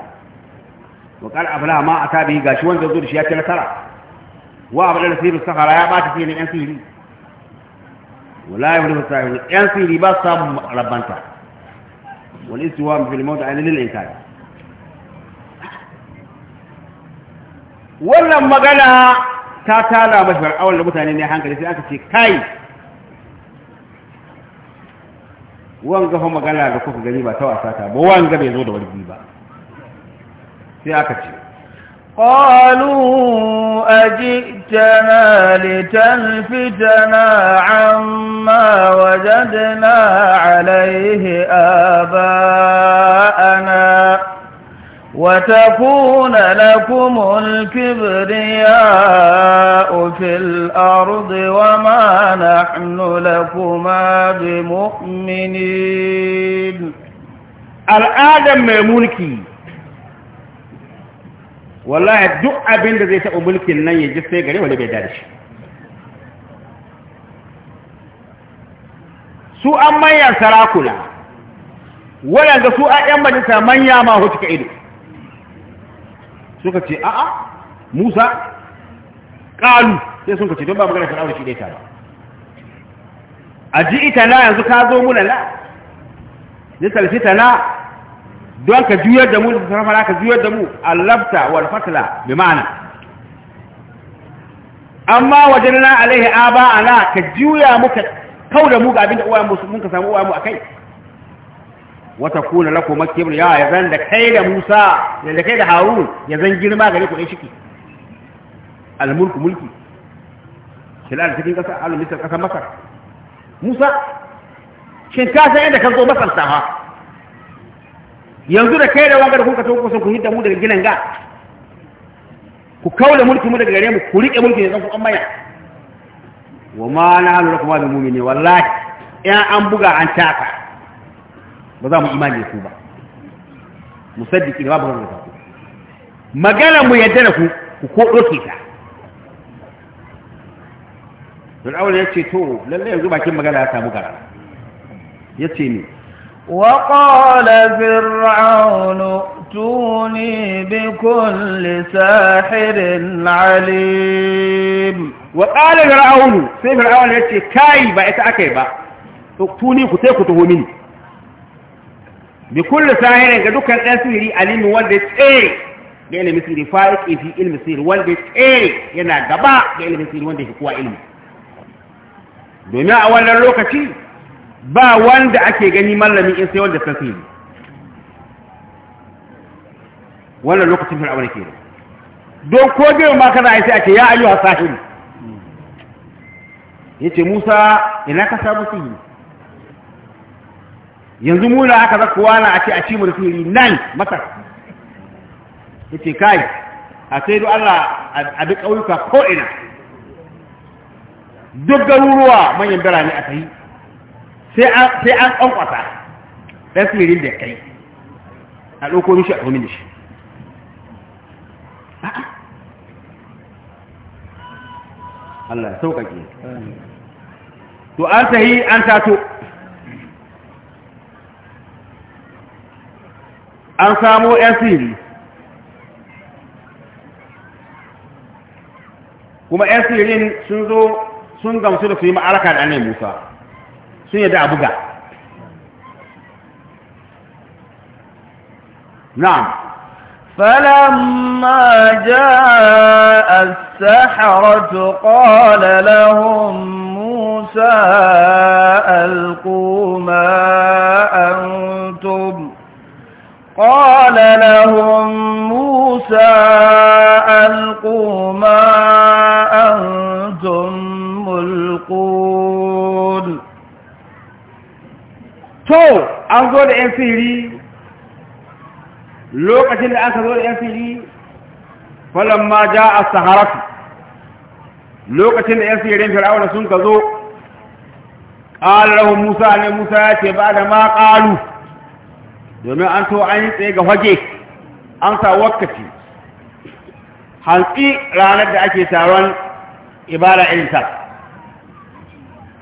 wa kar abla ma a tabi gashi wanda zo da shi ya ci nasara wa abu da sirrin sahara ya bata filin yan sirri wala ya wani sahiru yan sirri ba su samun rabanta wani istiwa mafi limon da ainihin inkari wannan magana ta tala mashi fir'aun da mutane ne hankali sai aka ce kai wanga fa magana da kuka gani ba ta wasa ta ba wanga bai zo da wargi ba sai aka ce قالوا أجئتنا لتلفتنا عما وجدنا عليه آباءنا وتكون لكم الكبرياء في الأرض وما نحن لكما بمؤمنين الآدم ملكي wallahi duk abin da zai taɓa mulkin nan ya ji sai gare wani bai dace shi su an manyan sarakuna waɗanda su a ‘yan majalisa manya ma hutu ka ido suka ce a'a musa ƙalu sai suka ce don ba magana sana'ar shi ɗaya ta ba a ji ita na yanzu ka zo mulala na nisalci ta na don ka juyar da mu da sarrafa ka juyar da mu allabta wal fatla bi ma'ana amma wajen wajenna alaihi aba ala ka juya muka kau da mu ga abinda uwayen mu mun ka samu uwa mu akai wa takuna lakum makkibun ya ya zan da kai da Musa ya da kai da Harun ya zan girma gare ku dai shiki al mulku mulki da cikin kasa al misal kasa masar Musa shin ka san inda ka zo masar ta ha yanzu da kai da wangar da kuka tauko ku hinta mu daga ginin ga ku kaula mulki mu daga gare mu ku rike mulki ne zan ku maya wa ma na halu lakum bil mu'mini wallahi Ya an buga an taka ba za mu imani ku ba musaddiqi ba ba ku magana mu yadda da ku ku ko doke ta Fir'auna ya ce to lalle yanzu bakin magana ya samu gara ya ce ni وقال فرعون ائتوني بكل ساحر عليم وقال فرعون سي فرعون يتي كاي با ايتا اكاي با ائتوني كتي كتو مني بكل ساحر ga dukkan ɗan sihiri alimi wanda tsaye ga ilimin sihiri fa'iq fi ilmi sihir wanda tsaye yana gaba ga ilimin sihiri wanda shi kuwa ilmi domin a wannan lokaci ba wanda ake gani mallami in sai wanda san sirri wannan lokacin fir'auna ke don ko bai ma kana sai ake ya ayyuha Ya yace Musa ina ka samu sihiri yanzu muna aka zaka na ake a ci mu da sihiri nan masa yace kai a sai do Allah a bi kauyuka ko ina duk garuruwa manyan birane a sahi sai an ƙwanƙwasa ɗan tsirin da kai a ɗauko mishi a ɗauko shi Allah ya sauƙaƙe to an sahi an tato an samo ‘yan siri kuma ‘yan sirin sun zo sun gamsu da su yi ma'araka da annai musa sun yadda a buga na'am فلما جاء السحرة قال لهم موسى ألقوا ما أنتم قال لهم موسى ألقوا to an zo da 'yan firi lokacin da aka zo da 'yan firi falon ma ja a saharatu lokacin da 'yan firin fir'auna sun ka zo ƙalarahun musa ne musa ya ce ba da ma ƙalu domin an to an yi tsaye ga fage an sa wakati hantsi ranar da ake taron ibada irin ta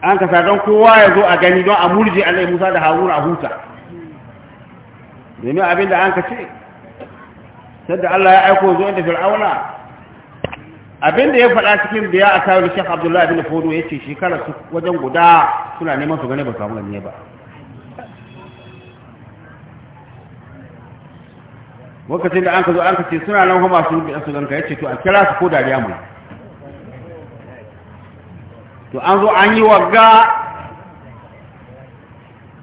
an kasa don kowa ya zo a gani don a murje Allah Musa da Haruna a huta domin abin da an ka ce sadda Allah ya aiko zo inda Fir'auna abin da ya faɗa cikin biya a kawo Sheikh abdullah bin Fodo ya ce shekara su wajen guda suna neman su gane ba samu ne ba lokacin da an ka zo an ka ce suna nan kuma su bi su ganka ya ce to a kira su ko dariya mu to an zo an yi wagga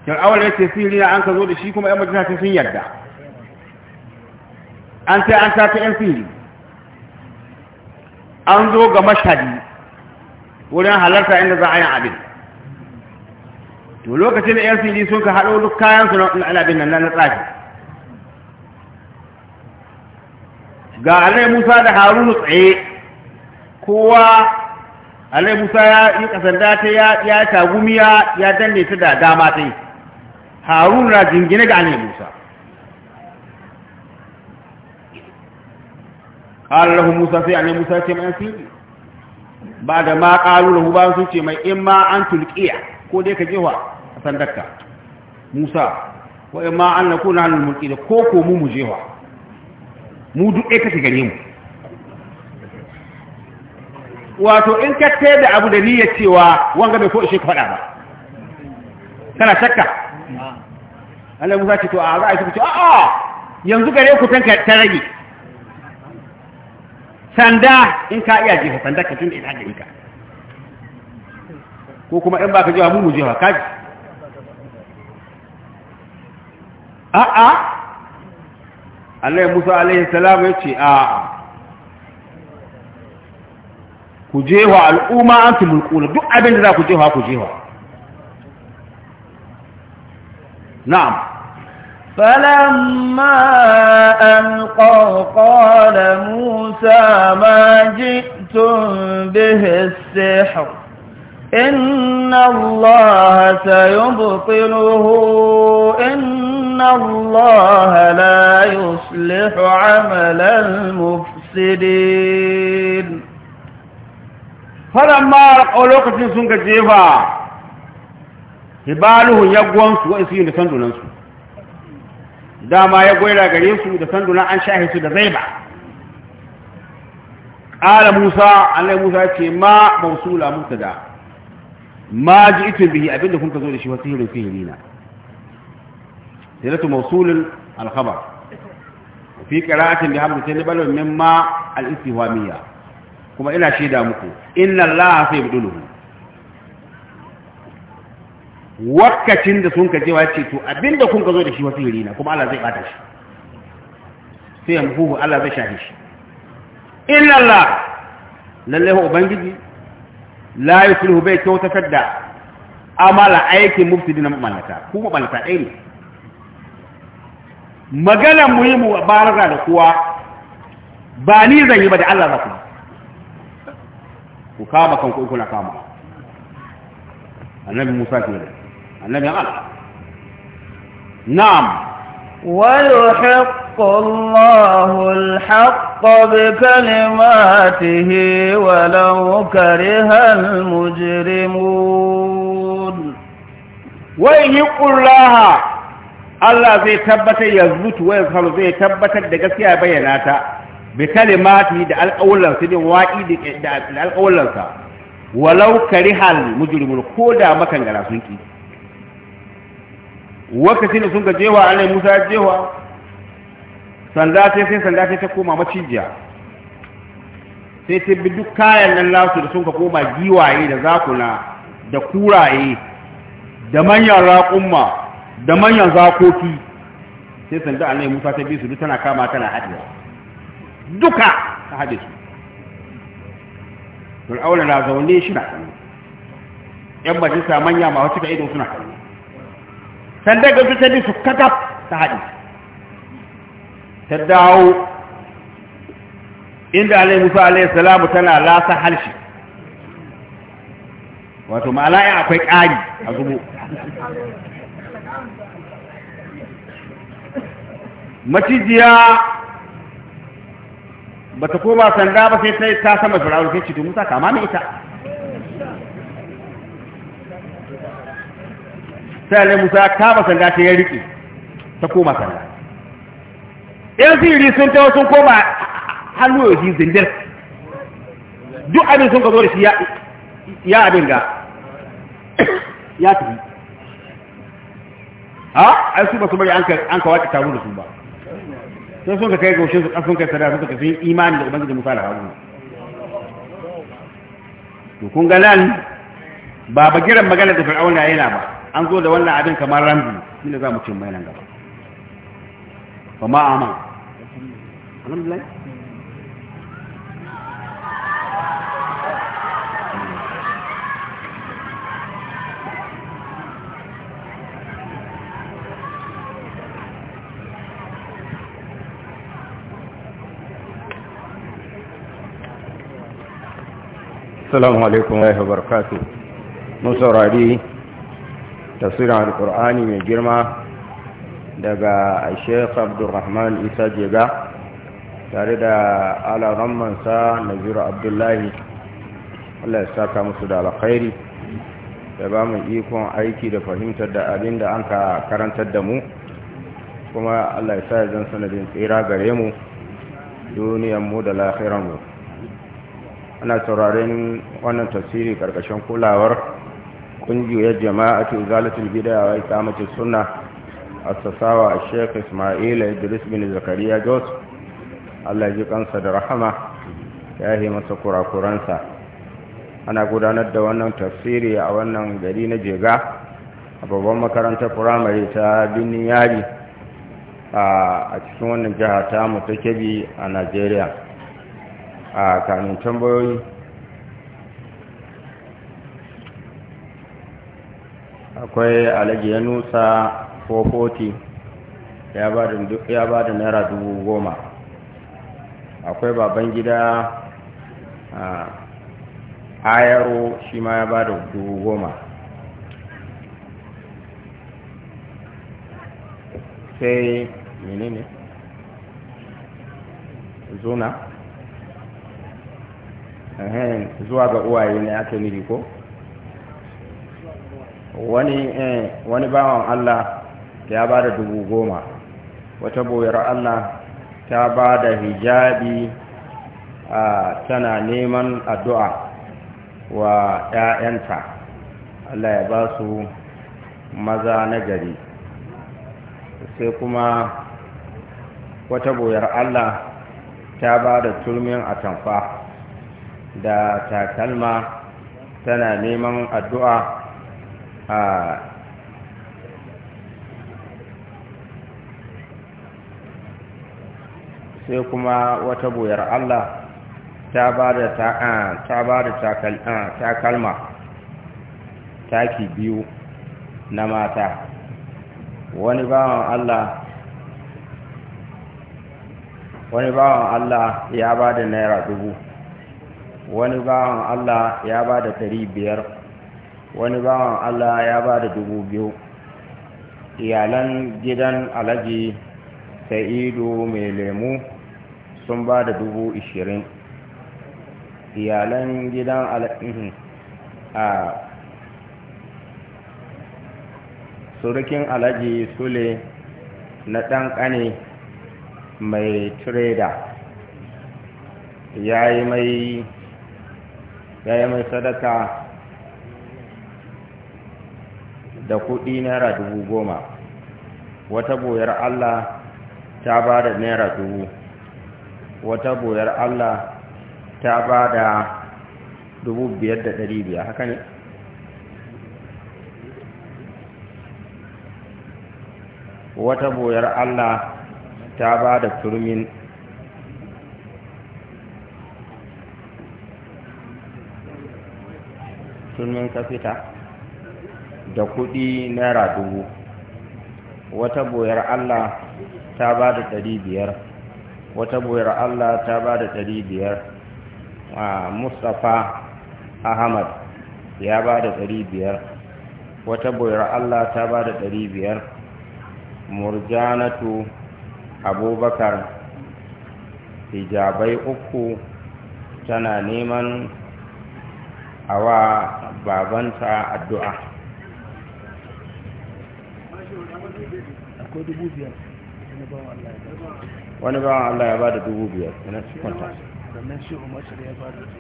fir'awar ya ce sirri an ka zo da shi kuma 'yan majalisa sun yarda an sai an sata 'yan sirri an zo ga mashadi wurin halarta inda za a yi abin to lokacin da 'yan sirri sun ka haɗo duk kayansu na al'abin nan na tsafi ga alai musa da harunu tsaye kowa Allah musa ya yi kasanda ta ya tagumiya ya danne ta da dama ta yi harun na jingine ga Allah musa allahu musa sai Allah musa ce mai sirri ba da ma ƙaru lahu ba sun ce mai in ma an tulqiya ko dai ka je a sandarka musa wa in ma an na kuna mulki da ko ko mu mu wa. mu duk ɗaya ka gare mu wato in ka tayar da abu da niyyar cewa wanga bai ko ishe ka faɗa ba kana shakka Allah Musa ce to a za a ce a'a yanzu gare ku tanka ta rage sanda in ka iya jefa sanda ka tun da ita gari ka ko kuma in baka jefa mu mu jefa kaji a'a Allah Musa alaihi salam ya ce a'a ku jewa al'umma an fi mulkuna duk abin da za ku jewa ku jewa na'am فلما ألقى قال موسى ما جئتم به السحر إن الله سيبطله إن الله لا يصلح عمل المفسدين falamma a lokacin sun ga jefa hibaluhun yagwansu wa'insu yin da sandunansu dama ya gwaira gare su da sandunan an sha su da zai ba. ƙala musa allai musa ce ma mausula murtada ma ji itin bihi abinda kun ka zo da shi wasu hirin sihiri na siratu mausulin alkhabar fi ƙira'atin da hamdu sai libalon min ma al-istihwamiyya kuma ina da muku inna allaha sayabduluhu wakacin da sun ka cewa ce to abinda kun ka zo da shi wasu hiri na kuma Allah zai bata shi sai ya huhu Allah zai shahi shi inna Allah lalle ho ubangiji la sulhu bai kyautatar da amala aikin mufsidin na mallaka ku mallaka ɗaya ne magana muhimmu baraza da kuwa ba ni zan yi ba da Allah za ku yi kukaba kanko iko na kama annabi musa kire ويحق الله الحق بكلماته ولو كره المجرمون ويحق الله الله زي تبت يزبط ويظهر زي تبت دقسيا بيناتا bi kalimati da alƙawulansa ne waƙi da alƙawulansa walau karihal mujrimun ko da makangara sun ki shi ne sun ga jewa anai Musa jewa sanda sai sai sanda sai ta koma macijiya sai ta bi duk kayan nan lasu da sun ka koma giwaye da zakuna da kuraye da manyan raƙumma da manyan zakoki sai sanda anai Musa ta bi su duk tana kama tana haɗewa duka ta haɗe su fir'auna na zaune shi na kallo yan majalisa manya ma wacce ka ido suna kallo sanda ga tutali su kakaf ta haɗe ta dawo inda alai musa alai salamu tana lasa harshe wato ma'ana akwai ƙari a zubo macijiya ba ta koma sanda ba sai ta ta sama fir'aun sai domin musa kama mai ita sai ne musa kama sanda ta ya rike ta koma sanda yan sirri sun tawo sun koma hannu yau ji zindir duk abin sun ka zo da shi ya abin ga ya tafi a ai su ba su bari an ka ta taru da su ba sai sun ka kai gaushin su sun kai sadaka suka tafi imani da ubangiji musa da haruna to kun ga nan ba bagiran magana da fir'auna yana ba an zo da wannan abin kamar rambi shi ne za mu cin mai nan gaba kuma aman alhamdulillah Assalamu alaikum wa barakatu. Mun saurari tafsirin Alƙur'ani mai girma daga Sheikh Abdulrahman Isa Jega tare da sa nazira Abdullahi. Allah ya saka musu da alkhairi da ba mu ikon aiki da fahimtar da abin da an ka karantar da mu kuma Allah ya sa ya zan sanadin tsira gare mu duniyanmu da lahiranmu. ana sauraren wannan tasiri karkashin kulawar kungiyar jama'a izalatul gida wa iqamatus sunna suna a sassawa a sheik Ismail Idris bin Zakariya Jos Allah ji kansa da rahama ya yi masa kurakuransa ana gudanar da wannan tasiri a wannan gari na Jega a babban makarantar firamare ta Binniyari a cikin wannan jihar ta mu ta a Najeriya a kanin tambayoyi akwai alaji ya nusa 440 ya ba da naira dubu goma akwai baban gida a ayaro shi ma ya ba da dubu goma sai menene zuna zuwa ga uwaye ne ake nufi ko wani eh, wani bawan Allah ya ba da dubu goma wata boyar Allah ta ba da hijabi a tana neman addu'a wa ‘ya'yanta Allah ya ba su maza na gari sai kuma wata boyar Allah ta ba da turmin atamfa da takalma tana neman addu'a a sai kuma wata buyar Allah ta ba da takalma taki biyu na mata wani bawan Allah wani bawan Allah ya ba da naira dubu wani bawan Allah ya ba da tari biyar wani bawan Allah ya ba da dubu biyu iyalan gidan alhaji sa'idu mai lemu sun ba da dubu ishirin iyalan gidan alaji a surukin alhaji sule na ɗan ƙane mai trader ya yi mai Yaya mai sadaka da kuɗi naira dubu goma wata boyar Allah ta ba da naira dubu wata boyar Allah ta ba da dubu biyar da ɗari biyar haka ne wata boyar Allah ta ba da turmin sunan ka fita da kuɗi naira dubu wata boyar allah ta ba da ɗari biyar wata boyar allah ta ba da ɗari biyar a mustapha ahmad ya ba da ɗari biyar wata boyar allah ta ba da ɗari biyar murjanatu abubakar hijabai uku tana neman awa babansa addu'a wani bawan Allah ya ba da dubu biyar yana cikinta sannan shi umarci ya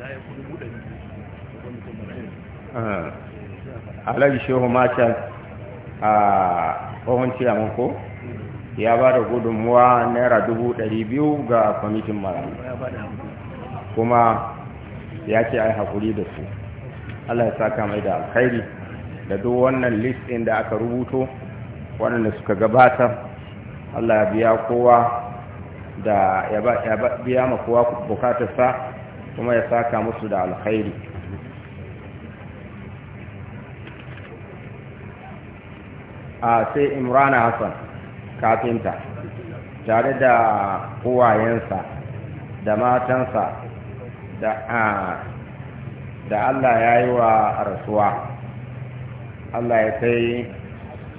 ya kudu alaji ah. shehu a tsohon ciyaman ko mm. ya ba da gudunmuwa naira dubu ɗari biyu ga kwamitin marayu kuma ya ce ai haƙuri da su Allah ya saka mai da alkhairi da duk wannan list ɗin da aka rubuto waɗanda suka gabata Allah ya biya kowa da ya biya ma kowa bukatarsa kuma ya saka musu da alkhairi a sai imrana hassan kafinta tare da kowayensa da matansa da da Allah ya yi wa rasuwa Allah ya kai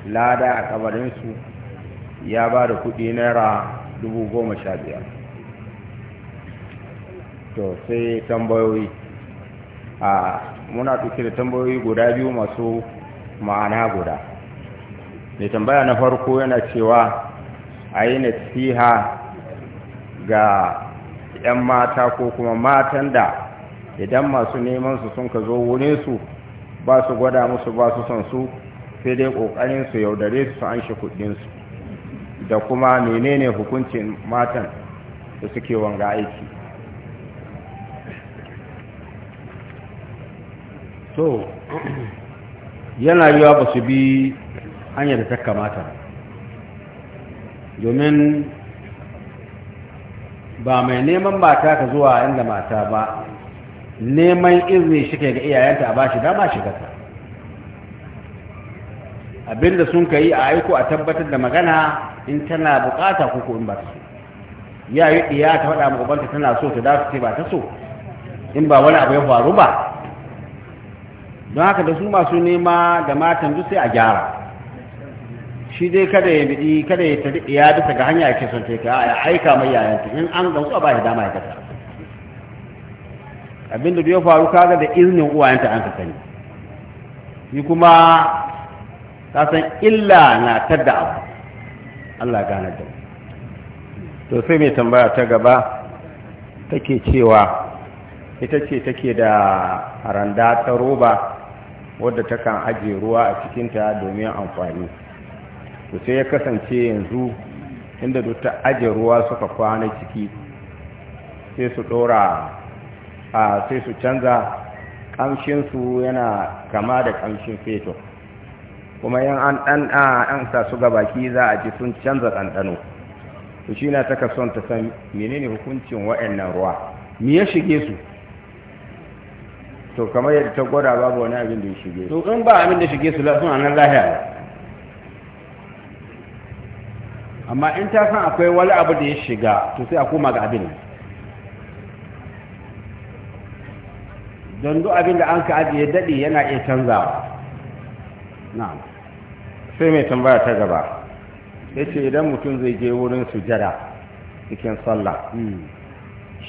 lada a kabarinsu ya ba da kuɗi naira dubu goma sha biyar to sai tambayoyi a muna ɗauke da tambayoyi guda biyu masu ma'ana guda da tambaya na farko yana cewa a yi nasiha ga 'yan mata ko kuma matan da idan masu neman su sun ka zo wune su ba su gwada musu ba su son su sai dai kokarin su yaudare su an shi kudin su da kuma menene hukuncin matan da suke wanga aiki to yana yiwa ba su bi hanyar da ta kamata domin ba mai neman mata ka zuwa inda mata ba neman izini shi ga iyayenta a bashi dama shiga ta abinda sun ka yi a aiko a tabbatar da magana in tana bukata ko in ba ta ya yi ɗiya ta faɗa makwabanta tana so ta dasu ce ba ta so in ba wani abu ya faru ba don haka da su masu nema da matan duk sai a gyara shi dai kada ya biɗi kada ya tafi ɗiya bisa ga hanya ya ke son ta ya aika mai yayanta in an gamsu a ba shi dama ya kasa abin da ya faru kaga da iznin uwayenta an ka sani shi kuma ka san illa na tadda abu Allah gane da to sai mai tambaya ta gaba take cewa ita ce take da randa ta roba wadda takan ajiye ruwa a cikinta domin amfani to sai ya kasance yanzu inda duk ta ajiye ruwa suka kwana ciki sai su dora a sai su canza kamshinsu yana kama da kamshin fetur kuma yan an ɗan an sa su baki za a ji sun canza ɗanɗano to shi na taka son ta san menene hukuncin wa'annan ruwa me ya shige su to kamar yadda ta gwada babu wani abin da ya shige su in ba abin da shige su suna anan lahiya amma in ta san akwai wani abu da ya shiga to sai a koma ga abin don duk abin da an ka ajiye daɗi yana iya canza na sai mai tambaya ta gaba ya ce idan mutum zai je wurin sujada cikin sallah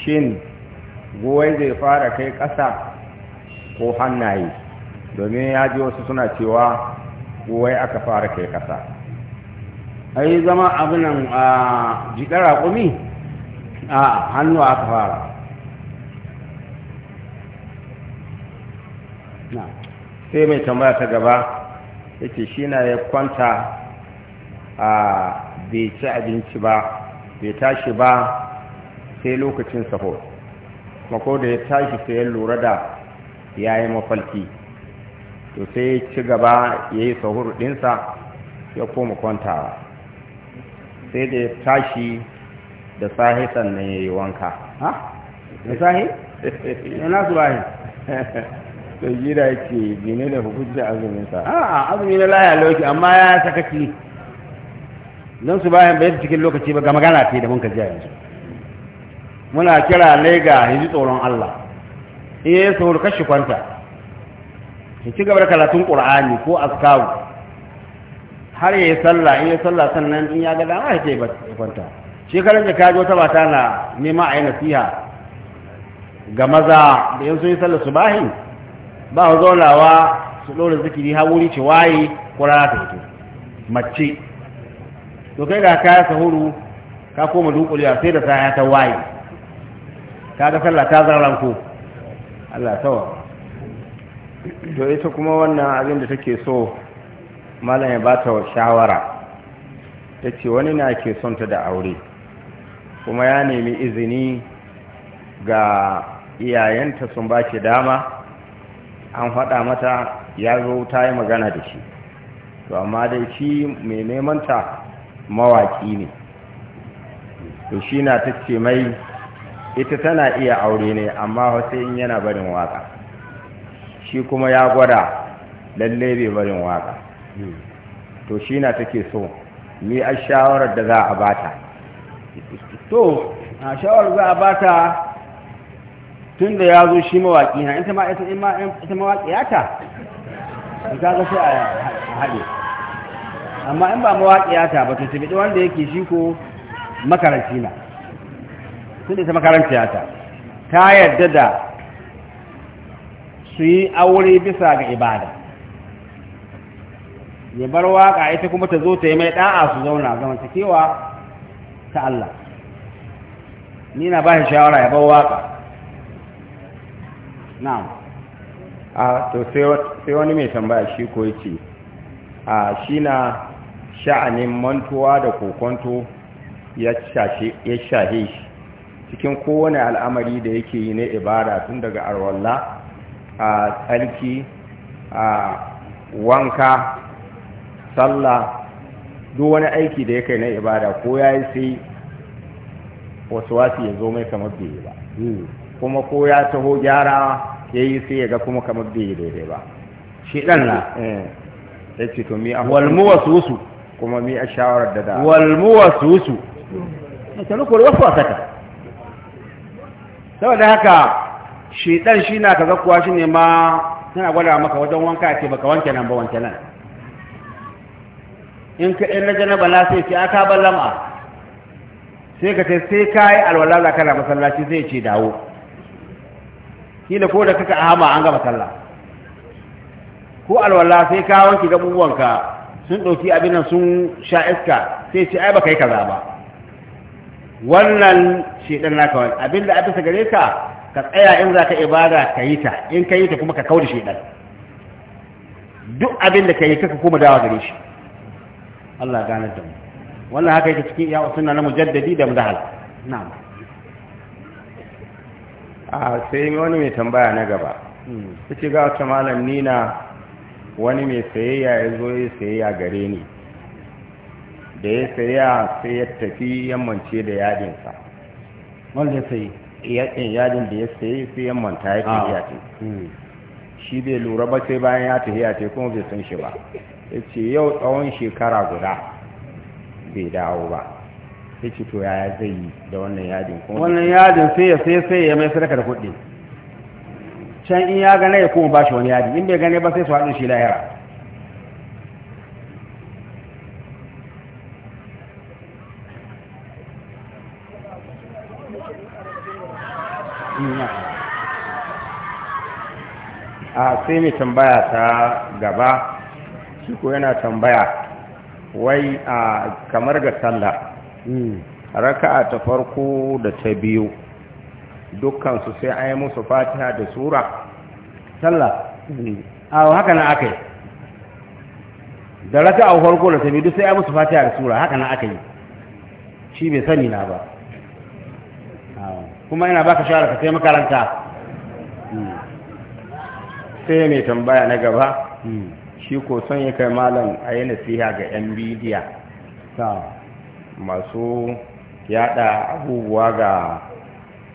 shin goyi zai fara kai ƙasa ko hannaye domin ya ji wasu suna cewa goyi aka fara kai ƙasa ai zama abinan a jiɗar raƙumi a hannu aka fara sai mai tambaya ta gaba yace shi na ya kwanta a bai ci abinci ba bai tashi ba sai lokacin sahur mako da ya tashi sai ya lura da ya yi mafalki to sai ya ci gaba ya yi sahur ɗinsa ya koma kwantawa sai da ya tashi da sahi sannan ya yi wanka ha? da sahi? yana su bayan sai jira yake gine da hukunci azumin sa a'a azumi na laya lokaci amma ya sakaci don su bayan bai cikin lokaci ba ga magana ce da mun kaji yanzu muna kira ne ga yanzu tsoron Allah in ya saurin kashi kwanta ya ci gaba da karatun ƙur'ani ko askawu har ya yi sallah in ya sallah sannan in ya ga dama ya ce ba kwanta shekaran da kaji wata mata na nema a yi nasiha ga maza da yanzu yi sallah su bahin ba su zaunawa su ɗora zikiri ha wuri ce waye ko rana ta fito mace to kai ga kaya sahuru ka koma dukuliya sai da sa'a ta waye ka ga sallah ta zaran ko Allah tawa to ita kuma wannan abin da take so malam ya ba ta shawara ta ce wani na ke son ta da aure kuma ya nemi izini ga iyayenta sun ba dama an faɗa mata ya zo ta yi magana da shi to amma dai shi mai neman ta mawaƙi ne to shi na ta ce mai ita tana iya aure ne amma wasu in yana barin waƙa shi kuma ya gwada lalle bai barin waƙa to shi na ta ke so ni a shawarar da za a bata to a shawarar za a bata tun da ya zo shi mawaƙi na ita ma ita ya ta ta ga sai a haɗe amma in ba ya ta ba to tafi wanda yake shi ko makaranci na tun da ita makaranci ta ta yarda da su yi aure bisa ga ibada ya bar waƙa ita kuma ta zo ta yi mai ɗa'a su zauna zamantakewa ta Allah ni na ba shi shawara ya bar waƙa na'am a to sai wani mai tambaya shi ko yake a shi na sha'anin mantuwa da kokonto ya shahe shi cikin kowane al'amari da yake yi na ibada tun daga arwalla a tsarki a wanka sallah duk wani aiki da ya kai na ibada ko ya yi sai wasu wasu ya zo mai kamar biyu ba hmm. kuma ko ya taho gyara ya yi sai ya ga kuma kamar bai yi daidai ba shi ɗan na eh, ya ce to mi a walmu wasu wasu kuma mi a shawarar da da walmu wasu wasu a tanu kuwa wasu wasu saka saboda haka shi ɗan shi na ka zakuwa shi ne ma tana gwada maka wajen wanka ce baka wanke nan ba wanke nan in ka in na janaba na sai ce aka ban lam'a sai ka ce sai ka yi alwala za kana masallaci zai ce dawo kila ko da kaka ahama an gama sallah ko alwala sai ka wanke gabubuwanka sun ɗauki abin nan sun sha iska sai ce ai baka yi kaza ba wannan shedan naka wani abin da abin gare ka ka tsaya in za ka ibada ka yi ta in ka yi ta kuma ka da shedan duk abin da ka yi kaka kuma dawa gare shi Allah gane da mu wannan haka yake cikin iya sunna na mujaddadi da mudahal na'am a sai wani mai tambaya na gaba suke hmm. ga wata malam nina wani mai sayayya ya zo ya sayayya gare ni da ya sayayya sai ya tafi yammance da yadinsa wanda ya sayi yakin eh, yadin da ya sayi sai yammanta ya tafi ah. yati hmm. shi bai lura ba sai bayan ya tafi yati kuma bai san shi ba ya ce yau tsawon shekara guda bai dawo ba sai ce to yaya zai yi da wannan yadin kuma wannan yadin sai ya sai sai ya mai sadaka da kuɗi can in ya gane ya kuma ba shi wani yadin in bai gane ba sai su haɗu shi lahira a sai mai tambaya ta gaba shi ko yana tambaya wai a kamar ga sallah raka'a ta farko da ta biyu dukkan su sai ayi musu fatiha da sura sallah a haka na akai da raka'a farko da ta biyu duk sai ayi musu fatiha da sura haka na akai shi bai sani na ba kuma ina baka shawara ka sai makaranta hmm. sai mai tambaya na gaba hmm. shi ko son ya kai malam a yi nasiha ga yan bidiya masu yada abubuwa ga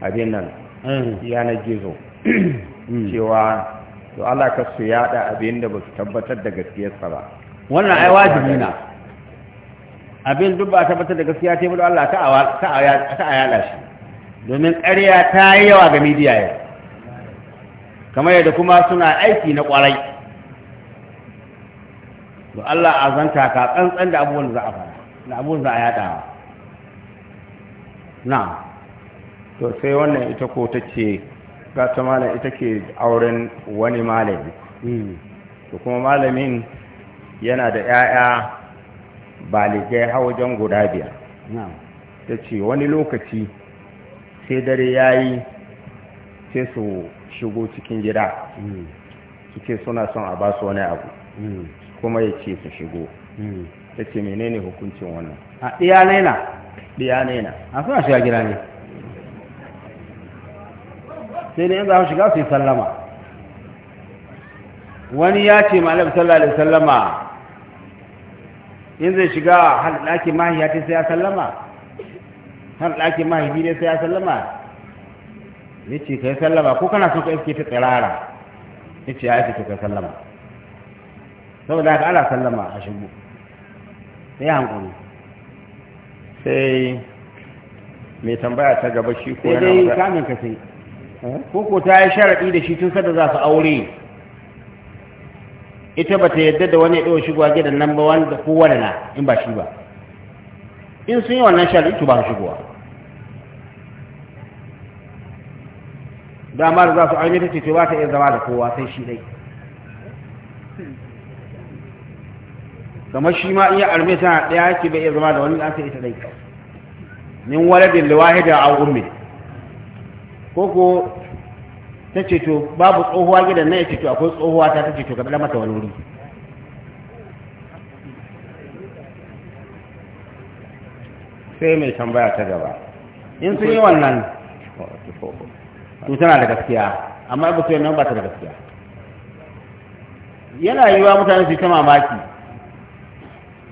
abin nan hmm. yanar gizo hmm. cewa to Allah ka su yada abin da ba su tabbatar da gaskiyarsa ba wannan ai wajibi na abin duk ba tabbatar da gaskiya ta yi Allah ka a yada shi domin ƙarya ta yi yawa ga midiya yau kamar yadda kuma suna aiki na ƙwarai to Allah azanta ka tsantsan da abubuwan da za a fara da abun za a yadawa na to sai wannan ita ko ta ce gata malam ita ke auren wani malami hmm. to kuma malamin yana da 'ya'ya baligai wajen guda biyar ta ce wani lokaci sai dare ya yi sai su shigo cikin gida hmm. su suna son a ba su wani abu hmm. kuma ya ce su shigo ta ce menene hukuncin wannan a ɗiya naina ɗiya naina a suna shiga gida ne sai ne yin za a shiga su yi sallama wani ya ce malam sallallahu da sallama in zai shiga har ɗakin mahiya ta sai ya sallama har ɗakin mahibi ne sai ya sallama ya ce ka yi sallama ko kana so ka iske ta tsirara ya ce ya iske ka sallama saboda haka ana sallama a shigo sai hankali sai mai tambaya ta gaba shi ko yana sai dai kamin ka sai koko eh? ta yi sharaɗi da shi tun sada za su aure ita ba ta yadda da wani ɗaya shigowa number nan ba wanda kowane na in ba shi ba in sun yi wannan sharaɗi to ba su shigowa da za su aure ta ce ba ta iya zama da kowa sai shi dai kamar shi ma iya arme tana ɗaya yake bai iya zama da wani ɗansa ita dai min waladin wahida a ummi koko ta ce to babu tsohuwa gidan na ya ce to akwai tsohuwa ta ta ce to ka ɗan mata wani wuri sai mai tambaya ta gaba in sun yi wannan to tana da gaskiya amma ba su yi nan ba ta da gaskiya yana yiwa mutane su ta mamaki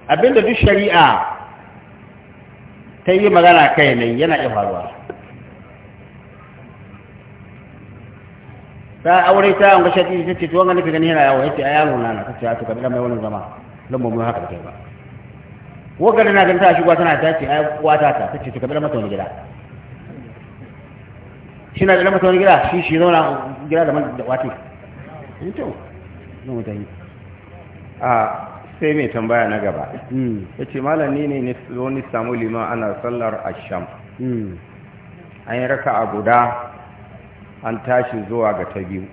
abinda duk shari'a ta yi magana kai ne yana iya faruwa ta aure ta an gashi ta ce tuwon ganin gani yana yawon yake a yaro na na ta ce a to kabila mai wani zama don mu haka ta kai ba wakar na ganin ta shigo tana ta ce ai wata ta ta ce to kabila mata wani gida shi na da mata wani gida shi shi zauna gida da man da wati to mun mutane a sai mai tambaya na gaba hmm. ya ce malami ne wani samu liman ana sallar asham hmm. an yi raka a guda an tashi zuwa ga ta biyu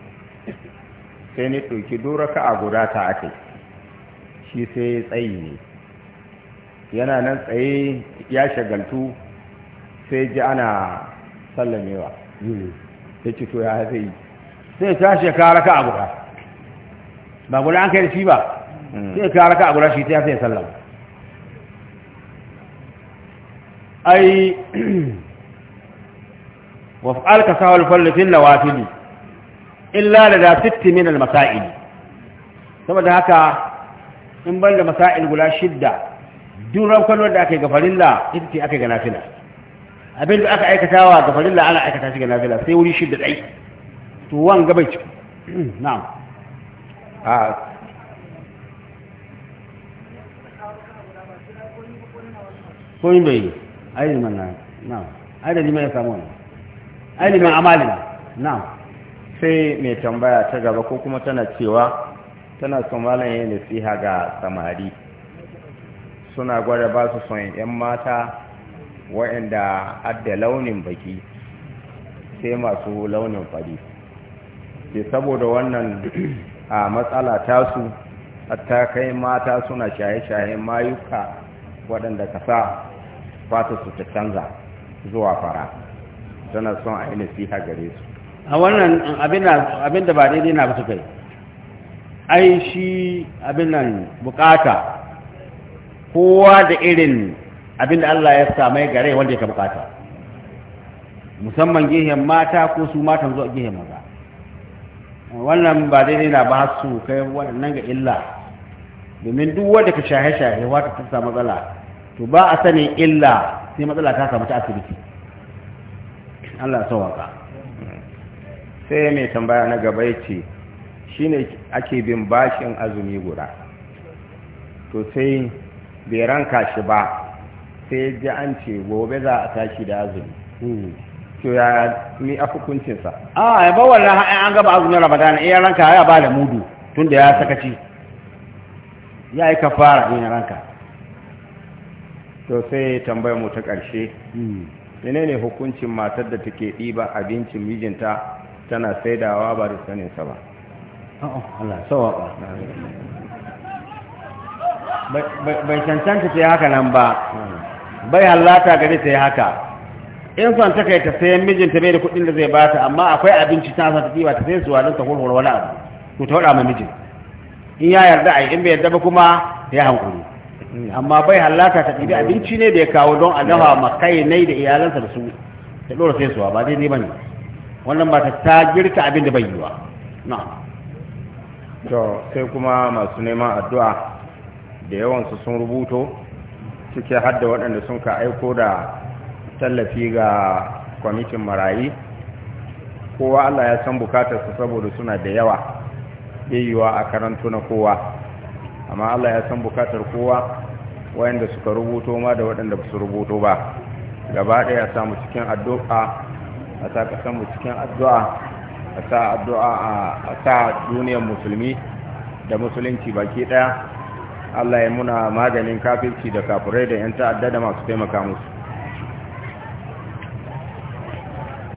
sai ni ɗauki duraka a guda ta ake shi sai tsayi ne yana nan tsaye ya shagaltu sai ji ana sallamewa hmm. ya ce to ya yi. sai tashi ya kawo raka a guda ba guda an kai da shi ba sai ka raka a guda shi ta sai sallah ai wa fa'al ka sawal fallu fil illa da da sittin al masail saboda haka in ban da masail guda shidda duran kwalwar da ake ga farilla ita ce ake gana fila abin da aka aikatawa ga farilla ana aikata shi gana fila sai wuri shidda dai to wanga bai ci na'am ko yin bai liman na da liman samu ne ayi liman na sai mai tambaya ta gaba ko kuma tana cewa tana son malam yayin nasiha ga samari suna gwada ba su son yan mata waɗanda adda launin baki sai masu launin fari ke saboda wannan a matsala tasu hatta kai mata suna shaye-shaye mayuka waɗanda ka sa fata su ta canza zuwa fara tana son a yi nasiha gare su a wannan abin da ba daidai na su kai ai shi abin nan bukata kowa da irin abin da Allah ya samai gare wanda ya bukata musamman gehen mata ko su matan zuwa gehen maza wannan ba daidai na ba su kai wannan ga illa domin duk wanda ka shahe-shahe wata ta matsala to ba a sanin illa sai matsala ta samu ta asibiti Allah waka sai mai tambaya na gaba ya ce shi ne ake bin bashin azumi guda to sai bai ranka shi ba sai ji an ce gobe za a tashi da azumi to ya ni a hukuncinsa a ya ba wannan an gaba azumin ramadan iya ranka ya ba da mudu tun da ya sakaci ya yi kafara ne ranka to sai tambayar mu ta ƙarshe hmm. ne hukuncin matar da take ɗiba abincin mijinta tana saidawa ba da saninsa ba oh, bai cancanta ta yi haka nan ba hmm. bai hallata gari ta yi haka in son ta kai ta sayan mijinta bai da kudin da zai bata amma akwai abinci ta sa ta ɗiba ta sai su don ta hulhul wani abu Ko ta waɗa ma mijin in ya yarda a yi in bai yarda ba kuma ya hankuli amma bai halaka ta ɗibi abinci ne da ya kawo don a dafa makai nai da iyalansa da su ta ɗora sai suwa ba daidai ba ne wannan ba ta ta girka abin da bai yi wa to sai kuma masu neman addu'a da yawansu sun rubuto suke hadda waɗanda sun ka aiko da tallafi ga kwamitin marayi kowa Allah ya san su saboda suna da yawa yayyuwa a karantu na kowa amma Allah ya san bukatar kowa wayanda suka rubuto ma da waɗanda ba su rubuto ba gaba ɗaya samu cikin addu'a a sa ka samu cikin addu'a a sa addu'a a sa duniyar musulmi da musulunci baki ɗaya Allah ya muna maganin kafirci da kafirai da 'yan ta'adda da masu taimaka musu